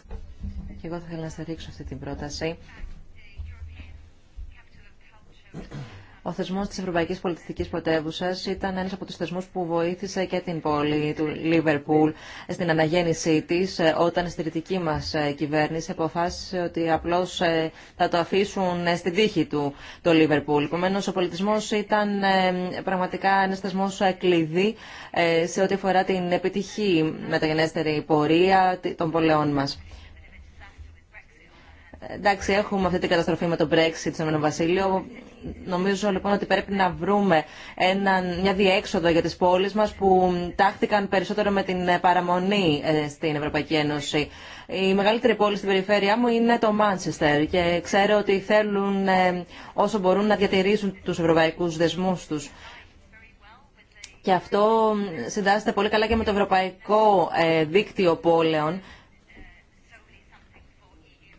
εγώ θα ήθελα να στηρίξω αυτή την πρόταση ο θεσμό τη Ευρωπαϊκή Πολιτιστική Πρωτεύουσα ήταν ένα από του θεσμού που βοήθησε και την πόλη του Λίβερπουλ στην αναγέννησή τη, ε, όταν η δυτική μα ε, κυβέρνηση αποφάσισε ότι απλώ ε, θα το αφήσουν στη δίχη του το Λίβερπουλ. Επομένω, ο πολιτισμό ήταν πραγματικά ένα θεσμό κλειδί σε ό,τι αφορά την επιτυχή μεταγενέστερη πορεία των πολεών μα. Εντάξει, έχουμε αυτή την καταστροφή με το Brexit στον Βασίλειο. Νομίζω λοιπόν ότι πρέπει να βρούμε ένα, μια διέξοδο για τις πόλεις μας που τάχθηκαν περισσότερο με την παραμονή ε, στην Ευρωπαϊκή Ένωση. Η μεγαλύτερη πόλη στην περιφέρειά μου είναι το Μάνσεστερ και ξέρω ότι θέλουν ε, όσο μπορούν να διατηρήσουν τους ευρωπαϊκούς δεσμούς τους. Και αυτό συντάσσεται πολύ καλά και με το Ευρωπαϊκό ε, Δίκτυο Πόλεων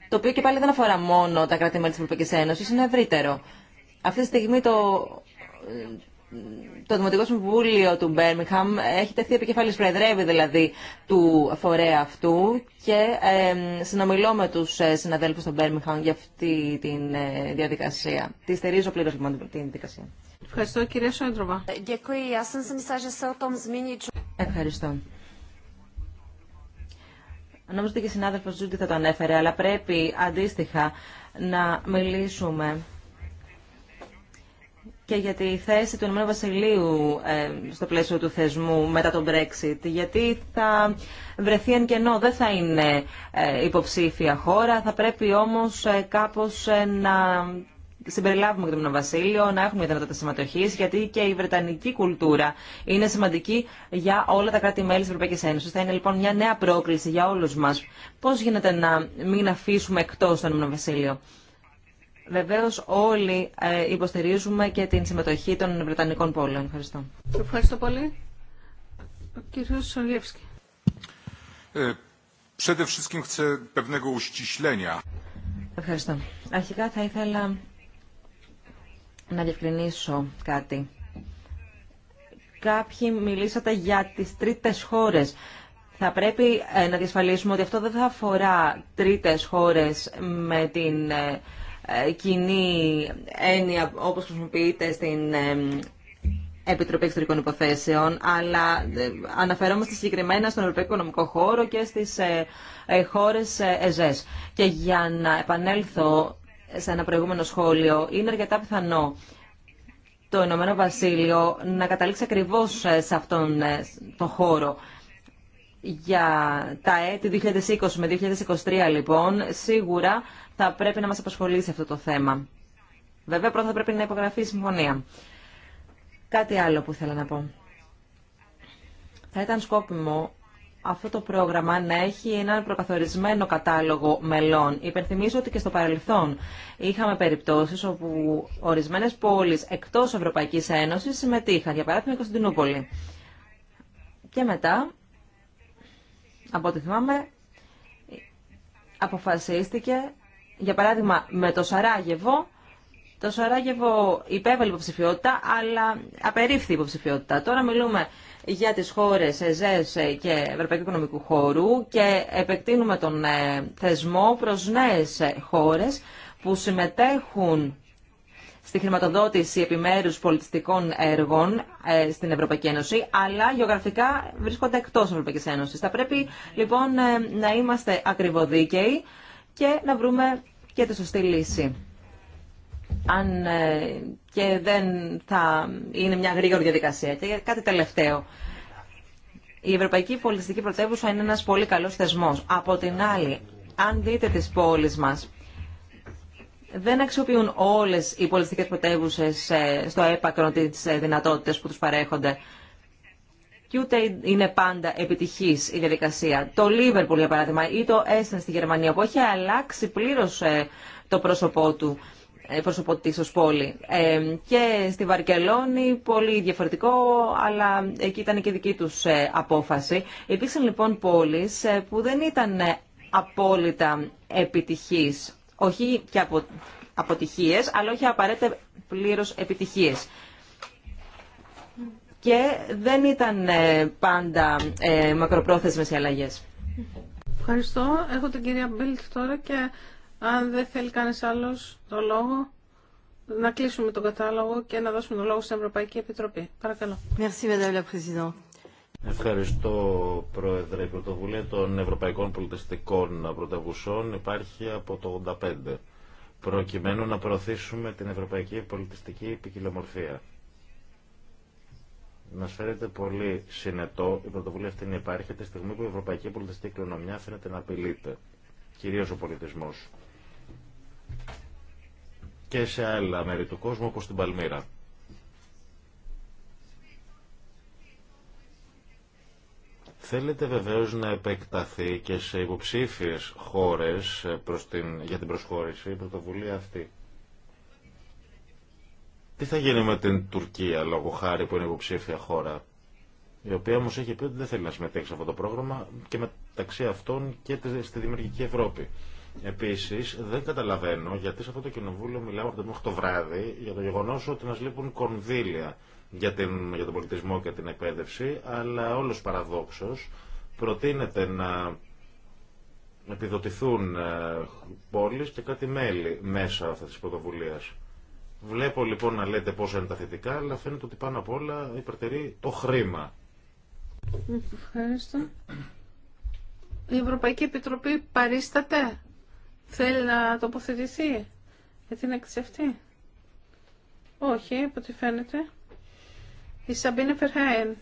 το οποίο και πάλι δεν αφορά μόνο τα κράτη-μέλη της Ευρωπαϊκής Ένωσης, είναι ευρύτερο. Αυτή τη στιγμή το, το Δημοτικό Συμβούλιο του Μπέρμιχαμ έχει τεθεί επικεφαλής προεδρεύει δηλαδή του φορέα αυτού και ε, συνομιλώ με τους ε, συναδέλφους του Μπέρμιχαμ για αυτή τη ε, διαδικασία. Τη στερίζω πλήρως λοιπόν την διαδικασία. Ευχαριστώ κυρία Σόντροβα. Ευχαριστώ. Νομίζω ότι και η συνάδελφος Ζούντι θα το ανέφερε, αλλά πρέπει αντίστοιχα να μιλήσουμε και για τη θέση του Ηνωμένου Βασιλείου ε, στο πλαίσιο του θεσμού μετά τον Brexit, γιατί θα βρεθεί εν κενό, δεν θα είναι ε, υποψήφια χώρα, θα πρέπει όμως ε, κάπως να συμπεριλάβουμε και το Ηνωμένο Βασίλειο, να έχουμε δυνατότητα συμμετοχή, γιατί και η βρετανική κουλτούρα είναι σημαντική για όλα τα κράτη-μέλη τη Ευρωπαϊκή Ένωση. Θα είναι λοιπόν μια νέα πρόκληση για όλου μα. Πώ γίνεται να μην αφήσουμε εκτό το Ηνωμένο Βασίλειο. Βεβαίω όλοι ε, υποστηρίζουμε και την συμμετοχή των Βρετανικών πόλεων. Ευχαριστώ. Ευχαριστώ πολύ. Ο κύριος Σολιεύσκη. Ε, Ευχαριστώ. Αρχικά θα ήθελα να διευκρινίσω κάτι. Κάποιοι μιλήσατε για τις τρίτες χώρες. Θα πρέπει ε, να διασφαλίσουμε ότι αυτό δεν θα αφορά τρίτες χώρες με την ε, ε, κοινή έννοια όπως χρησιμοποιείται στην ε, Επιτροπή Εξωτερικών Υποθέσεων, αλλά ε, αναφερόμαστε συγκεκριμένα στον Ευρωπαϊκό Οικονομικό Χώρο και στις χώρες ΕΖΕΣ. Και για να επανέλθω σε ένα προηγούμενο σχόλιο, είναι αρκετά πιθανό το Ηνωμένο Βασίλειο να καταλήξει ακριβώς σε αυτόν τον χώρο. Για τα έτη 2020 με 2023, λοιπόν, σίγουρα θα πρέπει να μας απασχολήσει αυτό το θέμα. Βέβαια, πρώτα θα πρέπει να υπογραφεί η συμφωνία. Κάτι άλλο που ήθελα να πω. Θα ήταν σκόπιμο αυτό το πρόγραμμα να έχει έναν προκαθορισμένο κατάλογο μελών. Υπενθυμίζω ότι και στο παρελθόν είχαμε περιπτώσεις όπου ορισμένες πόλεις εκτός Ευρωπαϊκής Ένωσης συμμετείχαν, για παράδειγμα η Κωνσταντινούπολη. Και μετά, από ό,τι θυμάμαι, αποφασίστηκε για παράδειγμα, με το Σαράγεβο, το Σαράγεβο υπέβαλε υποψηφιότητα, αλλά απερίφθη υποψηφιότητα. Τώρα μιλούμε για τις χώρες ΕΖΕΣ και Ευρωπαϊκού Οικονομικού Χώρου και επεκτείνουμε τον ε, θεσμό προς νέες χώρες που συμμετέχουν στη χρηματοδότηση επιμέρους πολιτιστικών έργων ε, στην Ευρωπαϊκή Ένωση, αλλά γεωγραφικά βρίσκονται εκτός Ευρωπαϊκής Ένωσης. Θα πρέπει λοιπόν ε, να είμαστε ακριβοδίκαιοι και να βρούμε και τη σωστή λύση. Αν ε, και δεν θα είναι μια γρήγορη διαδικασία. Και κάτι τελευταίο. Η Ευρωπαϊκή Πολιτιστική Πρωτεύουσα είναι ένας πολύ καλός θεσμός. Από την άλλη, αν δείτε τις πόλεις μας, δεν αξιοποιούν όλες οι πολιτιστικές πρωτεύουσε ε, στο έπακρο τις ε, δυνατότητες που τους παρέχονται και ούτε είναι πάντα επιτυχή η διαδικασία. Το Λίβερπουλ, για παράδειγμα, ή το Έστεν στη Γερμανία, που έχει αλλάξει πλήρω ε, το πρόσωπό του ε, πρόσωπο της ω πόλη. Ε, και στη Βαρκελόνη, πολύ διαφορετικό, αλλά εκεί ήταν και δική του απόφαση. Υπήρξαν λοιπόν πόλει που δεν ήταν απόλυτα επιτυχείς, Όχι και απο... αποτυχίε, αλλά όχι απαραίτητα πλήρω επιτυχίες και δεν ήταν ε, πάντα ε, μακροπρόθεσμες οι αλλαγές. Ευχαριστώ. Έχω την κυρία Μπίλτ τώρα και αν δεν θέλει κανείς άλλος το λόγο, να κλείσουμε τον κατάλογο και να δώσουμε το λόγο στην Ευρωπαϊκή Επιτροπή. Παρακαλώ. Merci, Ευχαριστώ, Πρόεδρε. Η πρωτοβουλία των Ευρωπαϊκών Πολιτιστικών Πρωτευουσών υπάρχει από το 1985, προκειμένου να προωθήσουμε την ευρωπαϊκή πολιτιστική ποικιλομορφία. Μα φαίνεται πολύ συνετό η πρωτοβουλία αυτή να υπάρχει τη στιγμή που η ευρωπαϊκή πολιτιστική κληρονομιά φαίνεται να απειλείται. Κυρίω ο πολιτισμό. Και σε άλλα μέρη του κόσμου όπω την Παλμύρα. Θέλετε βεβαίως να επεκταθεί και σε υποψήφιες χώρες ε, προς την, για την προσχώρηση η πρωτοβουλία αυτή. Τι θα γίνει με την Τουρκία, λόγω χάρη που είναι υποψήφια χώρα, η οποία όμω έχει πει ότι δεν θέλει να συμμετέχει σε αυτό το πρόγραμμα και μεταξύ αυτών και στη Δημιουργική Ευρώπη. Επίση, δεν καταλαβαίνω γιατί σε αυτό το κοινοβούλιο μιλάμε από το 8 το βράδυ για το γεγονό ότι μα λείπουν κονδύλια για, την, για τον πολιτισμό και την εκπαίδευση, αλλά όλο παραδόξω προτείνεται να επιδοτηθούν ε, πόλεις και κάτι μέλη μέσα αυτής της πρωτοβουλία. Βλέπω λοιπόν να λέτε πόσα είναι τα θετικά, αλλά φαίνεται ότι πάνω απ' όλα υπερτερεί το χρήμα. Ευχαριστώ. Η Ευρωπαϊκή Επιτροπή παρίσταται. Θέλει να τοποθετηθεί για την έκθεση Όχι, από ό,τι φαίνεται. Η Σαμπίνε Φερχάιν,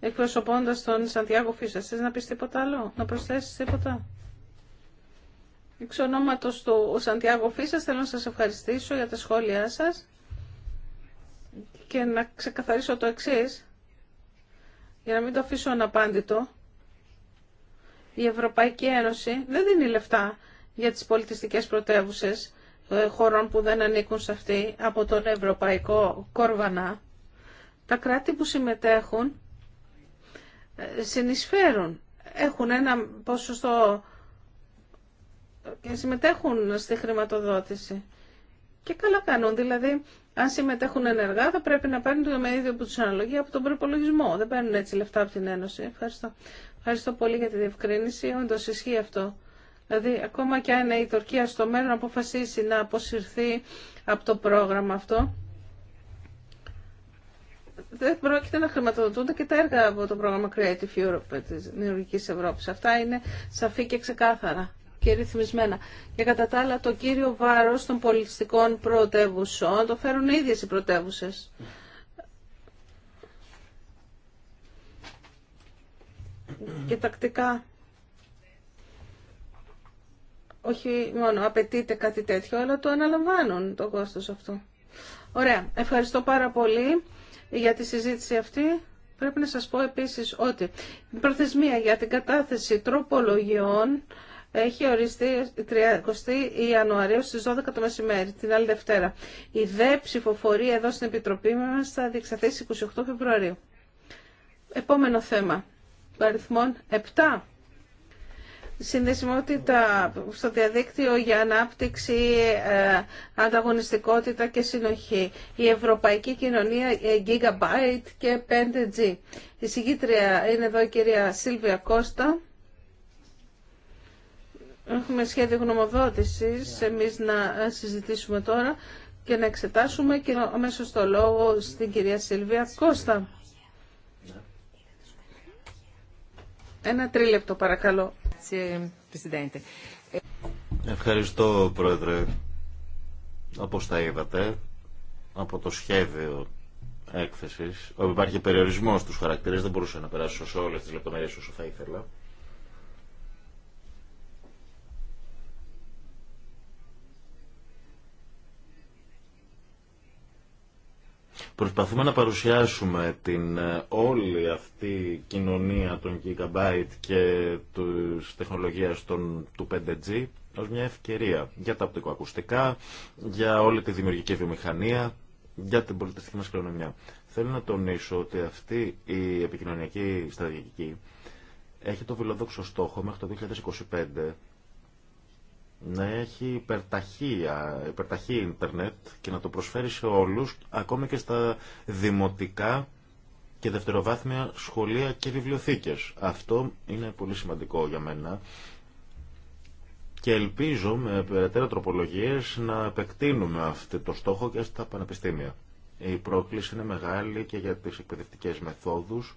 εκπροσωπώντας τον Σαντιάκο Φίσα, θες να πεις τίποτα άλλο, να προσθέσεις τίποτα. Εξ ονόματος του Σαντιάγο Φίσας θέλω να σας ευχαριστήσω για τα σχόλιά σας και να ξεκαθαρίσω το εξής, για να μην το αφήσω αναπάντητο. Η Ευρωπαϊκή Ένωση δεν δίνει λεφτά για τις πολιτιστικές πρωτεύουσες ε, χωρών που δεν ανήκουν σε αυτή από τον Ευρωπαϊκό Κόρβανα. Τα κράτη που συμμετέχουν ε, συνεισφέρουν, έχουν ένα ποσοστό και συμμετέχουν στη χρηματοδότηση. Και καλά κάνουν. Δηλαδή, αν συμμετέχουν ενεργά, θα πρέπει να παίρνουν το μερίδιο που του αναλογεί από τον προπολογισμό. Δεν παίρνουν έτσι λεφτά από την Ένωση. Ευχαριστώ. Ευχαριστώ πολύ για τη διευκρίνηση. Όντω ισχύει αυτό. Δηλαδή, ακόμα και αν η Τουρκία στο μέλλον αποφασίσει να αποσυρθεί από το πρόγραμμα αυτό, δεν πρόκειται να χρηματοδοτούνται και τα έργα από το πρόγραμμα Creative Europe της Δημιουργική Ευρώπη. Αυτά είναι σαφή και ξεκάθαρα και ρυθμισμένα. Και κατά τα άλλα το κύριο βάρος των πολιτιστικών πρωτεύουσων το φέρουν οι ίδιες οι πρωτεύουσες. Και τακτικά. Όχι μόνο απαιτείται κάτι τέτοιο, αλλά το αναλαμβάνουν το κόστος αυτό. Ωραία. Ευχαριστώ πάρα πολύ για τη συζήτηση αυτή. Πρέπει να σας πω επίσης ότι η προθεσμία για την κατάθεση τροπολογιών έχει οριστεί 30 Ιανουαρίου στις 12 το μεσημέρι, την άλλη Δευτέρα. Η δε ψηφοφορία εδώ στην Επιτροπή μας θα διεξαθέσει 28 Φεβρουαρίου. Επόμενο θέμα, αριθμών 7. Συνδεσιμότητα στο διαδίκτυο για ανάπτυξη, ε, ανταγωνιστικότητα και συνοχή. Η ευρωπαϊκή κοινωνία ε, Gigabyte και 5G. Η συγκίτρια είναι εδώ η κυρία Σίλβια Κώστα. Έχουμε σχέδιο γνωμοδότησης εμείς να συζητήσουμε τώρα και να εξετάσουμε και αμέσω το λόγο στην κυρία Σιλβία Κώστα. Ένα τρίλεπτο παρακαλώ. Ευχαριστώ Πρόεδρε. Όπως τα είδατε, από το σχέδιο έκθεσης, όπου υπάρχει περιορισμό στους χαρακτήρες, δεν μπορούσα να περάσω σε όλες τις λεπτομέρειες όσο θα ήθελα. Προσπαθούμε να παρουσιάσουμε την ε, όλη αυτή κοινωνία των gigabyte και της τεχνολογίας των, του 5G ως μια ευκαιρία για τα οπτικοακουστικά, για όλη τη δημιουργική βιομηχανία, για την πολιτιστική μας κοινωνία. Θέλω να τονίσω ότι αυτή η επικοινωνιακή στρατηγική έχει το φιλοδόξο στόχο μέχρι το 2025 να έχει υπερταχή ίντερνετ και να το προσφέρει σε όλους, ακόμα και στα δημοτικά και δευτεροβάθμια σχολεία και βιβλιοθήκες. Αυτό είναι πολύ σημαντικό για μένα και ελπίζω με περαιτέρω τροπολογίες να επεκτείνουμε αυτό το στόχο και στα πανεπιστήμια. Η πρόκληση είναι μεγάλη και για τις εκπαιδευτικές μεθόδους.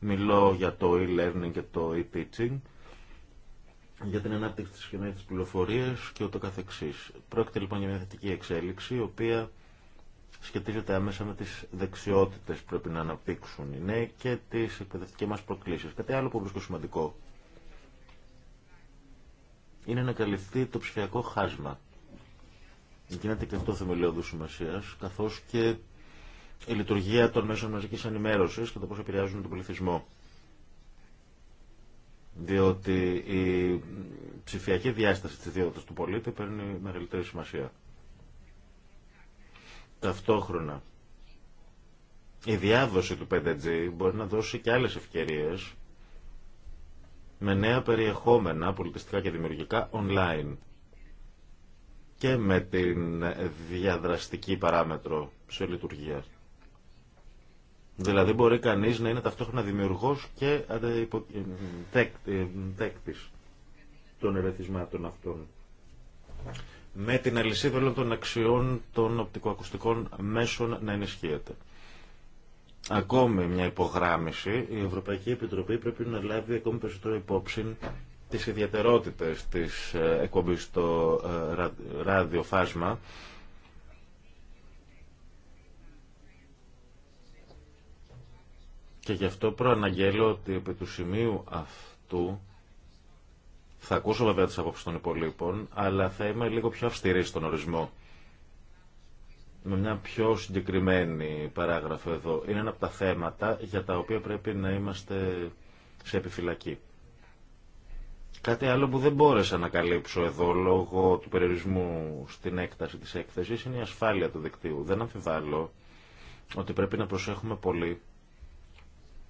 Μιλώ για το e-learning και το e-teaching για την ανάπτυξη της κοινωνίας της πληροφορίας και ούτω καθεξής. Πρόκειται λοιπόν για μια θετική εξέλιξη, η οποία σχετίζεται άμεσα με τις δεξιότητες που πρέπει να αναπτύξουν οι νέοι και τις εκπαιδευτικές μας προκλήσεις. Κάτι άλλο που βρίσκω σημαντικό είναι να καλυφθεί το ψηφιακό χάσμα. Γίνεται και αυτό θεμελιώδου σημασία, καθώς και η λειτουργία των μέσων μαζικής ενημέρωσης και το πώς επηρεάζουν τον πληθυσμό διότι η ψηφιακή διάσταση της ιδιότητας του πολίτη παίρνει μεγαλύτερη σημασία. Ταυτόχρονα, η διάδοση του 5G μπορεί να δώσει και άλλες ευκαιρίες με νέα περιεχόμενα πολιτιστικά και δημιουργικά online και με την διαδραστική παράμετρο σε λειτουργία. Δηλαδή μπορεί κανείς να είναι ταυτόχρονα δημιουργός και ε, ε, ε, τέκτης των ερεθισμάτων αυτών. Με την αλυσίδα όλων των αξιών των οπτικοακουστικών μέσων να ενισχύεται. Ακόμη μια υπογράμμιση, η Ευρωπαϊκή Επιτροπή πρέπει να λάβει ακόμη περισσότερο υπόψη τις ιδιαιτερότητες της εκπομπής στο ραδιοφάσμα Και γι' αυτό προαναγγέλλω ότι επί του σημείου αυτού θα ακούσω βέβαια τις απόψεις των υπολείπων, αλλά θα είμαι λίγο πιο αυστηρή στον ορισμό. Με μια πιο συγκεκριμένη παράγραφο εδώ. Είναι ένα από τα θέματα για τα οποία πρέπει να είμαστε σε επιφυλακή. Κάτι άλλο που δεν μπόρεσα να καλύψω εδώ λόγω του περιορισμού στην έκταση της έκθεσης είναι η ασφάλεια του δικτύου. Δεν αμφιβάλλω ότι πρέπει να προσέχουμε πολύ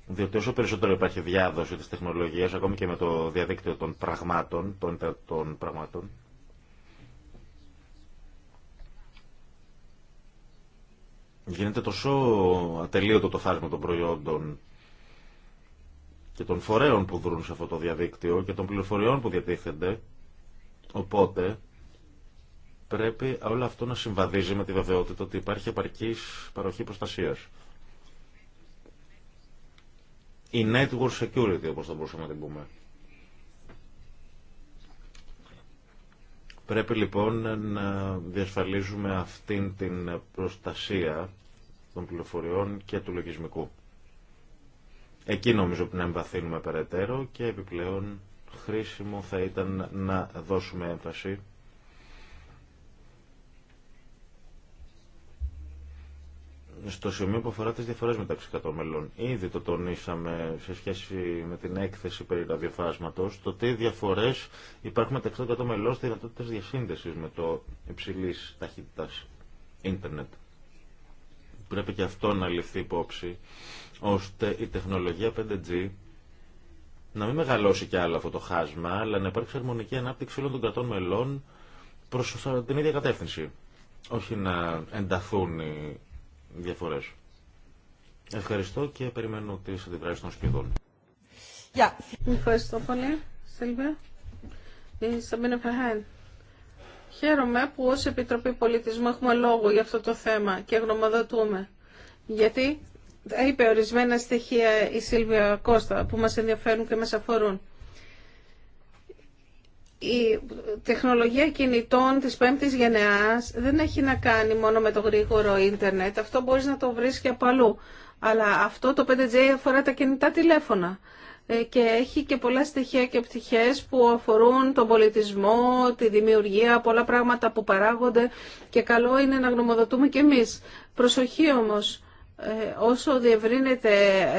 διότι όσο περισσότερο υπάρχει διάδοση τη τεχνολογία, ακόμη και με το διαδίκτυο των πραγμάτων, των, των πραγμάτων, γίνεται τόσο ατελείωτο το φάσμα των προϊόντων και των φορέων που δρούν σε αυτό το διαδίκτυο και των πληροφοριών που διατίθενται. Οπότε πρέπει όλο αυτό να συμβαδίζει με τη βεβαιότητα ότι υπάρχει επαρκής παροχή προστασίας η network security όπως θα μπορούσαμε να την πούμε. Πρέπει λοιπόν να διασφαλίζουμε αυτήν την προστασία των πληροφοριών και του λογισμικού. Εκεί νομίζω που να εμβαθύνουμε περαιτέρω και επιπλέον χρήσιμο θα ήταν να δώσουμε έμφαση στο σημείο που αφορά τι διαφορέ μεταξύ μελών. Ήδη το τονίσαμε σε σχέση με την έκθεση περί ραδιοφάσματο, το τι διαφορέ υπάρχουν μεταξύ των μελών στη δυνατότητα διασύνδεση με το υψηλή ταχύτητα ίντερνετ. Πρέπει και αυτό να ληφθεί υπόψη, ώστε η τεχνολογία 5G να μην μεγαλώσει κι άλλο αυτό το χάσμα, αλλά να υπάρξει αρμονική ανάπτυξη όλων των 100 μελών προ την ίδια κατεύθυνση. Όχι να ενταθούν οι διαφορές. Ευχαριστώ και περιμένω τις αντιπράξεις των σχεδόν. Ευχαριστώ πολύ, Σίλβια. Η Σαμπίνα Φεχάιν. Χαίρομαι που ως Επιτροπή Πολιτισμού έχουμε λόγο για αυτό το θέμα και γνωμοδοτούμε. Γιατί είπε ορισμένα στοιχεία η Σίλβια Κώστα που μας ενδιαφέρουν και μας αφορούν η τεχνολογία κινητών της πέμπτης γενεάς δεν έχει να κάνει μόνο με το γρήγορο ίντερνετ. Αυτό μπορείς να το βρεις και από αλλού. Αλλά αυτό το 5G αφορά τα κινητά τηλέφωνα ε, και έχει και πολλά στοιχεία και πτυχές που αφορούν τον πολιτισμό, τη δημιουργία, πολλά πράγματα που παράγονται και καλό είναι να γνωμοδοτούμε κι εμείς. Προσοχή όμως, ε, όσο διευρύνεται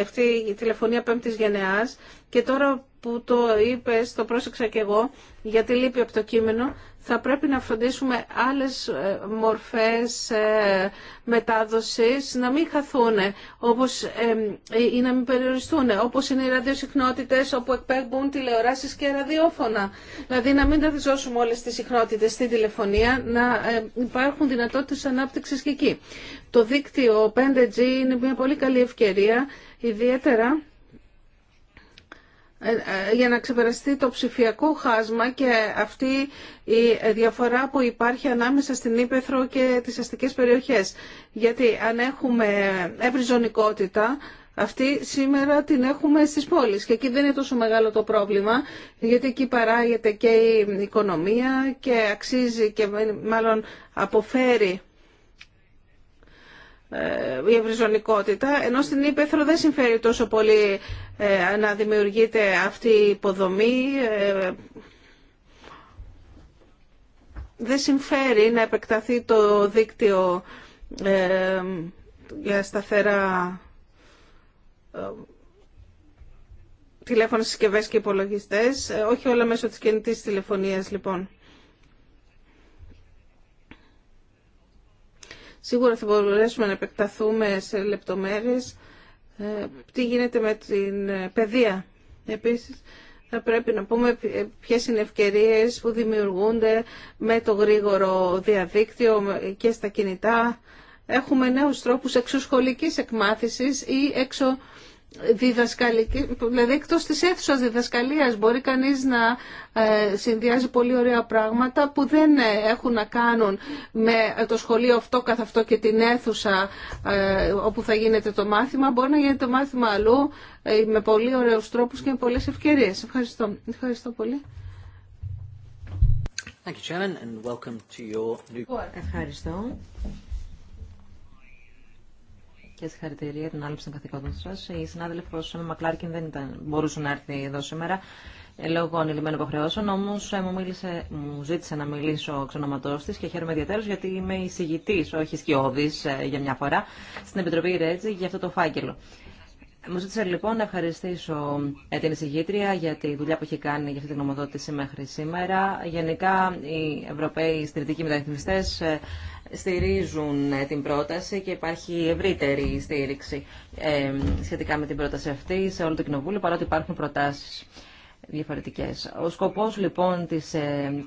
αυτή η τηλεφωνία πέμπτης γενεάς και τώρα που το είπες, το πρόσεξα και εγώ, γιατί λείπει από το κείμενο, θα πρέπει να φροντίσουμε άλλες ε, μορφές ε, μετάδοσης να μην χαθούν όπως, ε, ή να μην περιοριστούν, όπως είναι οι ραδιοσυχνότητες όπου εκπέμπουν τηλεοράσεις και ραδιόφωνα. Δηλαδή να μην τα διζώσουμε όλες τις συχνότητες στην τηλεφωνία, να υπάρχουν δυνατότητες ανάπτυξης και εκεί. Το δίκτυο 5G είναι μια πολύ καλή ευκαιρία, ιδιαίτερα ε, ε, για να ξεπεραστεί το ψηφιακό χάσμα και αυτή η διαφορά που υπάρχει ανάμεσα στην Ήπεθρο και τις αστικές περιοχές. Γιατί αν έχουμε ευρυζωνικότητα, αυτή σήμερα την έχουμε στις πόλεις και εκεί δεν είναι τόσο μεγάλο το πρόβλημα γιατί εκεί παράγεται και η οικονομία και αξίζει και μάλλον αποφέρει ε, η ευρυζωνικότητα, ενώ στην Ήπεθρο δεν συμφέρει τόσο πολύ ε, να δημιουργείται αυτή η υποδομή. Ε, δεν συμφέρει να επεκταθεί το δίκτυο για σταθερά τηλέφωνα συσκευές και υπολογιστές, όχι όλα μέσω της κινητής τηλεφωνίας λοιπόν. Σίγουρα θα μπορέσουμε να επεκταθούμε σε λεπτομέρειες ε, τι γίνεται με την ε, παιδεία. Επίσης, θα πρέπει να πούμε ε, ποιες είναι ευκαιρίες που δημιουργούνται με το γρήγορο διαδίκτυο και στα κινητά. Έχουμε νέους τρόπους εξωσχολικής εκμάθησης ή εξω διδασκαλική, δηλαδή εκτός της αίθουσας διδασκαλίας μπορεί κανείς να ε, συνδυάζει πολύ ωραία πράγματα που δεν ε, έχουν να κάνουν με το σχολείο αυτό καθ' αυτό και την αίθουσα ε, όπου θα γίνεται το μάθημα. Μπορεί να γίνεται το μάθημα αλλού με πολύ ωραίους τρόπους και με πολλές ευκαιρίες. Ευχαριστώ, Ευχαριστώ πολύ. Thank you, and welcome to your... Ευχαριστώ και συγχαρητήρια την άλυψη των καθηκόντων σα. Η συνάδελφο Μακλάρκιν δεν ήταν, μπορούσε να έρθει εδώ σήμερα ε, λόγω ανηλυμένων υποχρεώσεων. Όμω ε, μου, μίλησε, μου ζήτησε να μιλήσω ο ονοματό τη και χαίρομαι ιδιαίτερω γιατί είμαι εισηγητή, όχι σκιώδη ε, για μια φορά, στην Επιτροπή Ρέτζι για αυτό το φάκελο. Μου ζήτησε λοιπόν να ευχαριστήσω ε, την εισηγήτρια για τη δουλειά που έχει κάνει για αυτή την ομοδότηση μέχρι σήμερα. Γενικά οι Ευρωπαίοι στρατηγικοί μεταρρυθμιστέ ε, στηρίζουν ε, την πρόταση και υπάρχει ευρύτερη στήριξη σχετικά με την πρόταση αυτή σε όλο το Κοινοβούλιο, παρότι υπάρχουν προτάσει διαφορετικέ. Ο σκοπό λοιπόν τη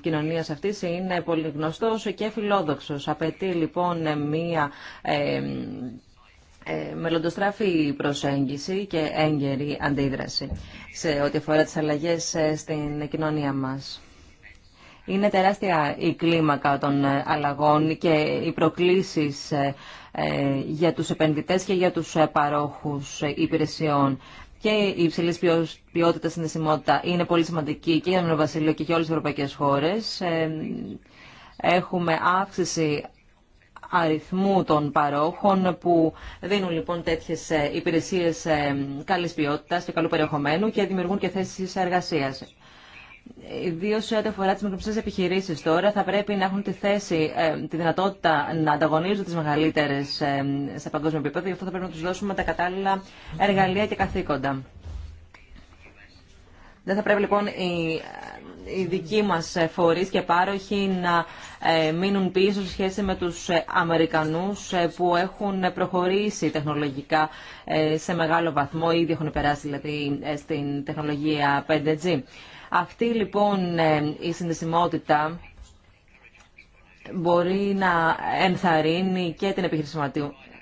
κοινωνία αυτή είναι πολύ γνωστό και φιλόδοξο. Απαιτεί λοιπόν μία ε, μελλοντοστράφη προσέγγιση και έγκαιρη αντίδραση σε ό,τι αφορά τις αλλαγές ε, στην κοινωνία μας. Είναι τεράστια η κλίμακα των ε, αλλαγών και οι προκλήσεις για τους επενδυτές και για τους παρόχους υπηρεσιών. Και η υψηλή ποιότητα συνδεσιμότητα είναι πολύ σημαντική και για τον Βασίλειο και για όλες τις ευρωπαϊκές χώρες. Έχουμε αύξηση αριθμού των παρόχων που δίνουν λοιπόν τέτοιες ε, υπηρεσίες ε, καλής ποιότητας και καλού περιεχομένου και δημιουργούν και θέσεις εργασίας. Ιδίω σε ό,τι αφορά τι μικρομεσαίε επιχειρήσει τώρα, θα πρέπει να έχουν τη θέση, ε, τη δυνατότητα να ανταγωνίζουν τι μεγαλύτερε σε παγκόσμιο επίπεδο. Γι' αυτό θα πρέπει να του δώσουμε τα κατάλληλα εργαλεία και καθήκοντα. Δεν θα πρέπει λοιπόν οι οι δικοί μας ε, φορείς και πάροχοι να ε, μείνουν πίσω σε σχέση με τους ε, Αμερικανούς που έχουν προχωρήσει τεχνολογικά σε μεγάλο βαθμό, ήδη έχουν περάσει δηλαδή στην τεχνολογία 5G. Αυτή λοιπόν η συνδεσιμότητα μπορεί να ενθαρρύνει και την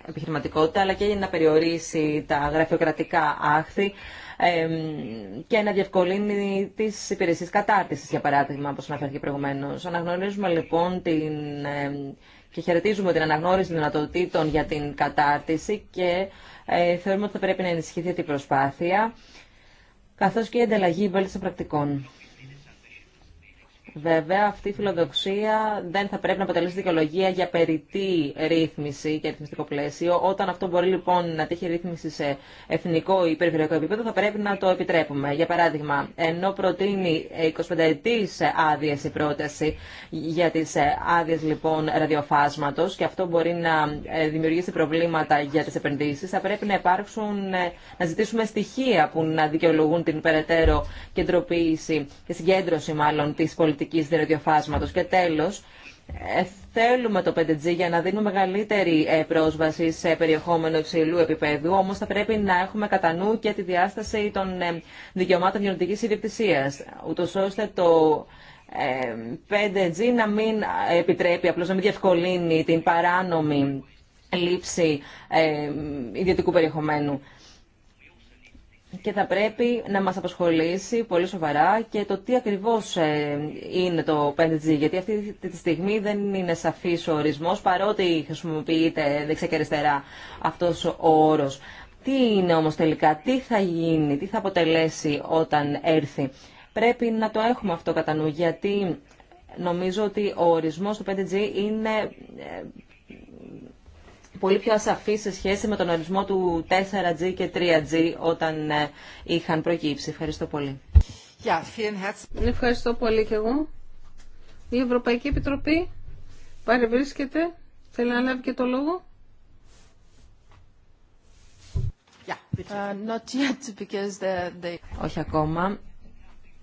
επιχειρηματικότητα, αλλά και για να περιορίσει τα γραφειοκρατικά άχθη και να διευκολύνει τι υπηρεσίε κατάρτιση, για παράδειγμα, όπω αναφέρθηκε προηγουμένω. Αναγνωρίζουμε λοιπόν την, και χαιρετίζουμε την αναγνώριση δυνατοτήτων για την κατάρτιση και ε, θεωρούμε ότι θα πρέπει να ενισχυθεί την προσπάθεια, καθώ και η ανταλλαγή των πρακτικών. Βέβαια, αυτή η φιλοδοξία δεν θα πρέπει να αποτελέσει δικαιολογία για περιττή ρύθμιση και ρυθμιστικό πλαίσιο. Όταν αυτό μπορεί λοιπόν να τύχει ρύθμιση σε εθνικό ή περιφερειακό επίπεδο, θα πρέπει να το επιτρέπουμε. Για παράδειγμα, ενώ προτείνει 25 ετή άδειε η πρόταση για τι άδειε λοιπόν ραδιοφάσματο και αυτό μπορεί να ε, δημιουργήσει προβλήματα για τι επενδύσει, θα πρέπει να υπάρξουν, ε, να ζητήσουμε στοιχεία που να δικαιολογούν την περαιτέρω κεντροποίηση και συγκέντρωση μάλλον τη πολιτική και τέλος, ε, θέλουμε το 5G για να δίνουμε μεγαλύτερη ε, πρόσβαση σε περιεχόμενο υψηλού επίπεδου, όμω θα πρέπει να έχουμε κατά νου και τη διάσταση των ε, δικαιωμάτων γενοτικής ιδιοκτησία, ούτω ώστε το 5G να μην επιτρέπει, απλώς να μην διευκολύνει την παράνομη λήψη ιδιωτικού περιεχομένου και θα πρέπει να μας απασχολήσει πολύ σοβαρά και το τι ακριβώς ε, είναι το 5G, γιατί αυτή τη στιγμή δεν είναι σαφής ο ορισμός, παρότι χρησιμοποιείται δεξιά και αριστερά αυτός ο όρος. Τι είναι όμως τελικά, τι θα γίνει, τι θα αποτελέσει όταν έρθει. Πρέπει να το έχουμε αυτό κατά νου, γιατί νομίζω ότι ο ορισμός του 5G είναι ε, πολύ πιο ασαφή σε σχέση με τον ορισμό του 4G και 3G όταν ε, είχαν προκύψει. Ευχαριστώ πολύ. Ευχαριστώ πολύ και εγώ. Η Ευρωπαϊκή Επιτροπή παρευρίσκεται. Θέλει να λάβει και το λόγο. Uh, yet because the... Όχι ακόμα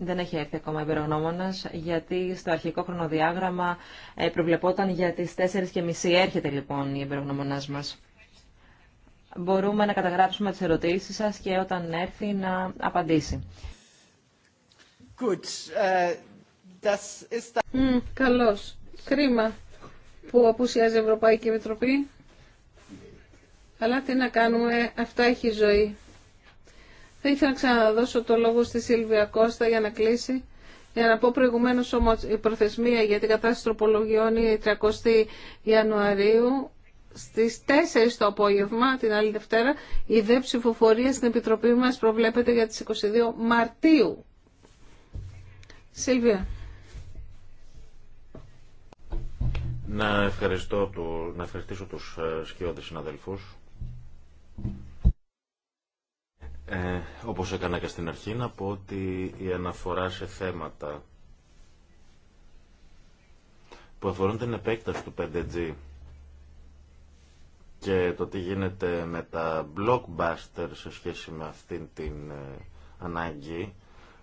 δεν έχει έρθει ακόμα εμπειρογνώμονα, γιατί στο αρχικό χρονοδιάγραμμα ε, προβλεπόταν για τι 4.30. Έρχεται λοιπόν η εμπειρογνώμονα μα. Μπορούμε να καταγράψουμε τι ερωτήσει σα και όταν έρθει να απαντήσει. Good. Ε, καλώς. Κρίμα που απουσιάζει η Ευρωπαϊκή Επιτροπή. Αλλά τι να κάνουμε, αυτά έχει ζωή. Θα ήθελα να δώσω το λόγο στη Σίλβια Κώστα για να κλείσει. Για να πω προηγουμένως όμως η προθεσμία για την κατάσταση τροπολογιών είναι 30 Ιανουαρίου στις 4 το απόγευμα την άλλη Δευτέρα η δε ψηφοφορία στην Επιτροπή μας προβλέπεται για τις 22 Μαρτίου. Σίλβια. Να, ευχαριστώ, να ευχαριστήσω τους ε, σκιώδες συναδελφούς ε, όπως έκανα και στην αρχή, να πω ότι η αναφορά σε θέματα που αφορούν την επέκταση του 5G και το τι γίνεται με τα blockbuster σε σχέση με αυτήν την ε, ανάγκη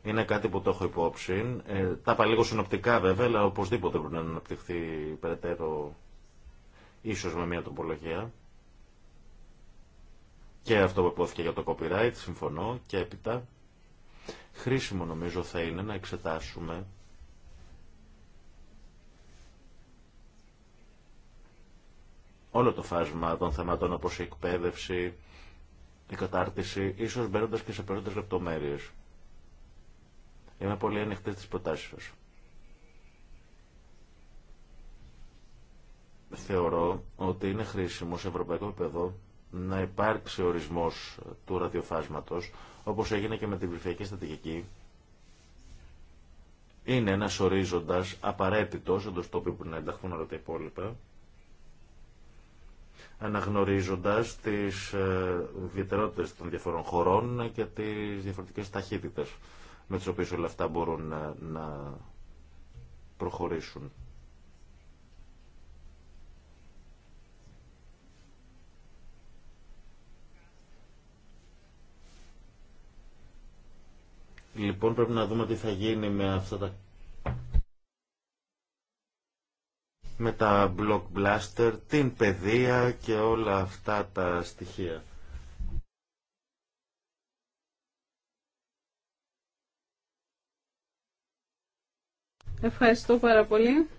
είναι κάτι που το έχω υπόψη. Ε, τα είπα λίγο συνοπτικά βέβαια, αλλά οπωσδήποτε πρέπει να αναπτυχθεί περαιτέρω ίσως με μια τοπολογία. Και αυτό που υπόθηκε για το copyright, συμφωνώ και έπειτα. Χρήσιμο νομίζω θα είναι να εξετάσουμε όλο το φάσμα των θεμάτων όπως η εκπαίδευση, η κατάρτιση, ίσως μπαίνοντα και σε περισσότερες λεπτομέρειες. Είμαι πολύ ανοιχτή στις προτάσεις σας. Θεωρώ ότι είναι χρήσιμο σε ευρωπαϊκό επίπεδο να υπάρξει ορισμός του ραδιοφάσματος, όπως έγινε και με την ψηφιακή στρατηγική, είναι ένας ορίζοντας απαραίτητος εντός τόπου που να ενταχθούν όλα τα υπόλοιπα, αναγνωρίζοντας τις ε, ιδιαιτερότητες των διαφορών χωρών και τις διαφορετικές ταχύτητες με τις οποίες όλα αυτά μπορούν ε, να προχωρήσουν. Λοιπόν, πρέπει να δούμε τι θα γίνει με αυτά τα με τα Block Blaster, την παιδεία και όλα αυτά τα στοιχεία. Ευχαριστώ πάρα πολύ.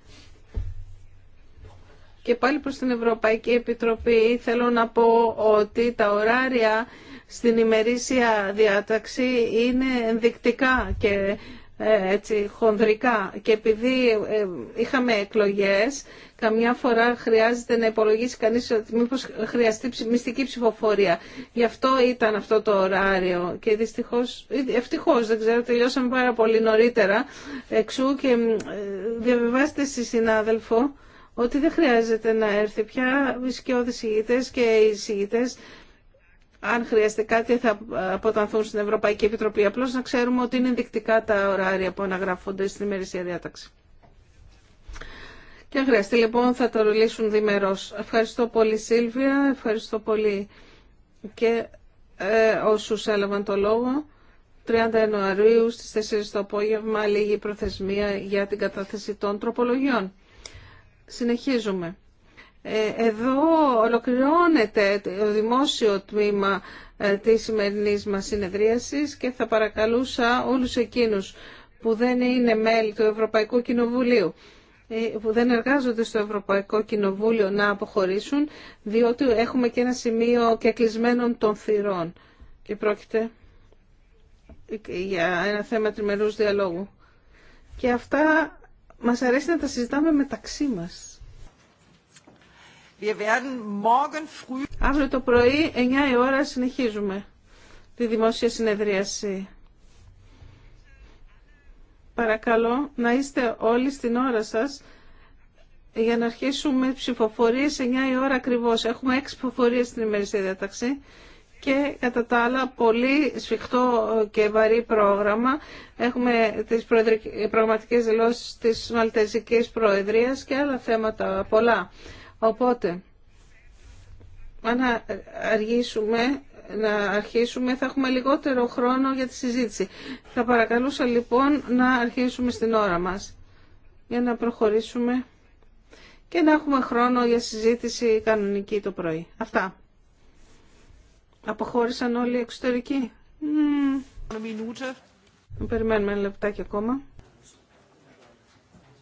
Και πάλι προς την Ευρωπαϊκή Επιτροπή θέλω να πω ότι τα ωράρια στην ημερήσια διάταξη είναι ενδεικτικά και ε, έτσι, χονδρικά. Και επειδή ε, είχαμε εκλογές, καμιά φορά χρειάζεται να υπολογίσει κανείς ότι μήπως χρειαστεί μυστική ψηφοφορία. Γι' αυτό ήταν αυτό το ωράριο και δυστυχώς, ε, ευτυχώς δεν ξέρω, τελειώσαμε πάρα πολύ νωρίτερα εξού και διαβεβάστε στη συνάδελφο ότι δεν χρειάζεται να έρθει πια οι σκιώδεις και οι αν χρειαστεί κάτι θα αποτανθούν στην Ευρωπαϊκή Επιτροπή. απλώ να ξέρουμε ότι είναι ενδεικτικά τα ωράρια που αναγράφονται στην ημερησία διάταξη. Και αν χρειαστεί λοιπόν θα το ρολίσουν διμερό. Ευχαριστώ πολύ Σίλβια, ευχαριστώ πολύ και ε, όσους έλαβαν το λόγο. 30 Ιανουαρίου στις 4 το απόγευμα λίγη προθεσμία για την κατάθεση των τροπολογιών. Συνεχίζουμε. Ε, εδώ ολοκληρώνεται το δημόσιο τμήμα ε, της σημερινής μας συνεδρίασης και θα παρακαλούσα όλους εκείνους που δεν είναι μέλη του Ευρωπαϊκού Κοινοβουλίου ε, που δεν εργάζονται στο Ευρωπαϊκό Κοινοβούλιο να αποχωρήσουν, διότι έχουμε και ένα σημείο και κλεισμένων των θυρών. Και πρόκειται για ένα θέμα τριμερούς διαλόγου. Και αυτά μας αρέσει να τα συζητάμε μεταξύ μας. Αύριο το πρωί, 9 η ώρα, συνεχίζουμε τη δημόσια συνεδρίαση. Παρακαλώ να είστε όλοι στην ώρα σας για να αρχίσουμε ψηφοφορίες 9 η ώρα ακριβώς. Έχουμε 6 ψηφοφορίες στην ημερήσια διάταξη και κατά τα άλλα πολύ σφιχτό και βαρύ πρόγραμμα. Έχουμε τις πραγματικές δηλώσεις της Μαλτεζικής Προεδρίας και άλλα θέματα πολλά. Οπότε, αν αργήσουμε να αρχίσουμε θα έχουμε λιγότερο χρόνο για τη συζήτηση. Θα παρακαλούσα λοιπόν να αρχίσουμε στην ώρα μας για να προχωρήσουμε και να έχουμε χρόνο για συζήτηση κανονική το πρωί. Αυτά. Αποχώρησαν όλοι οι εξωτερικοί. Mm. Περιμένουμε ένα λεπτάκι ακόμα.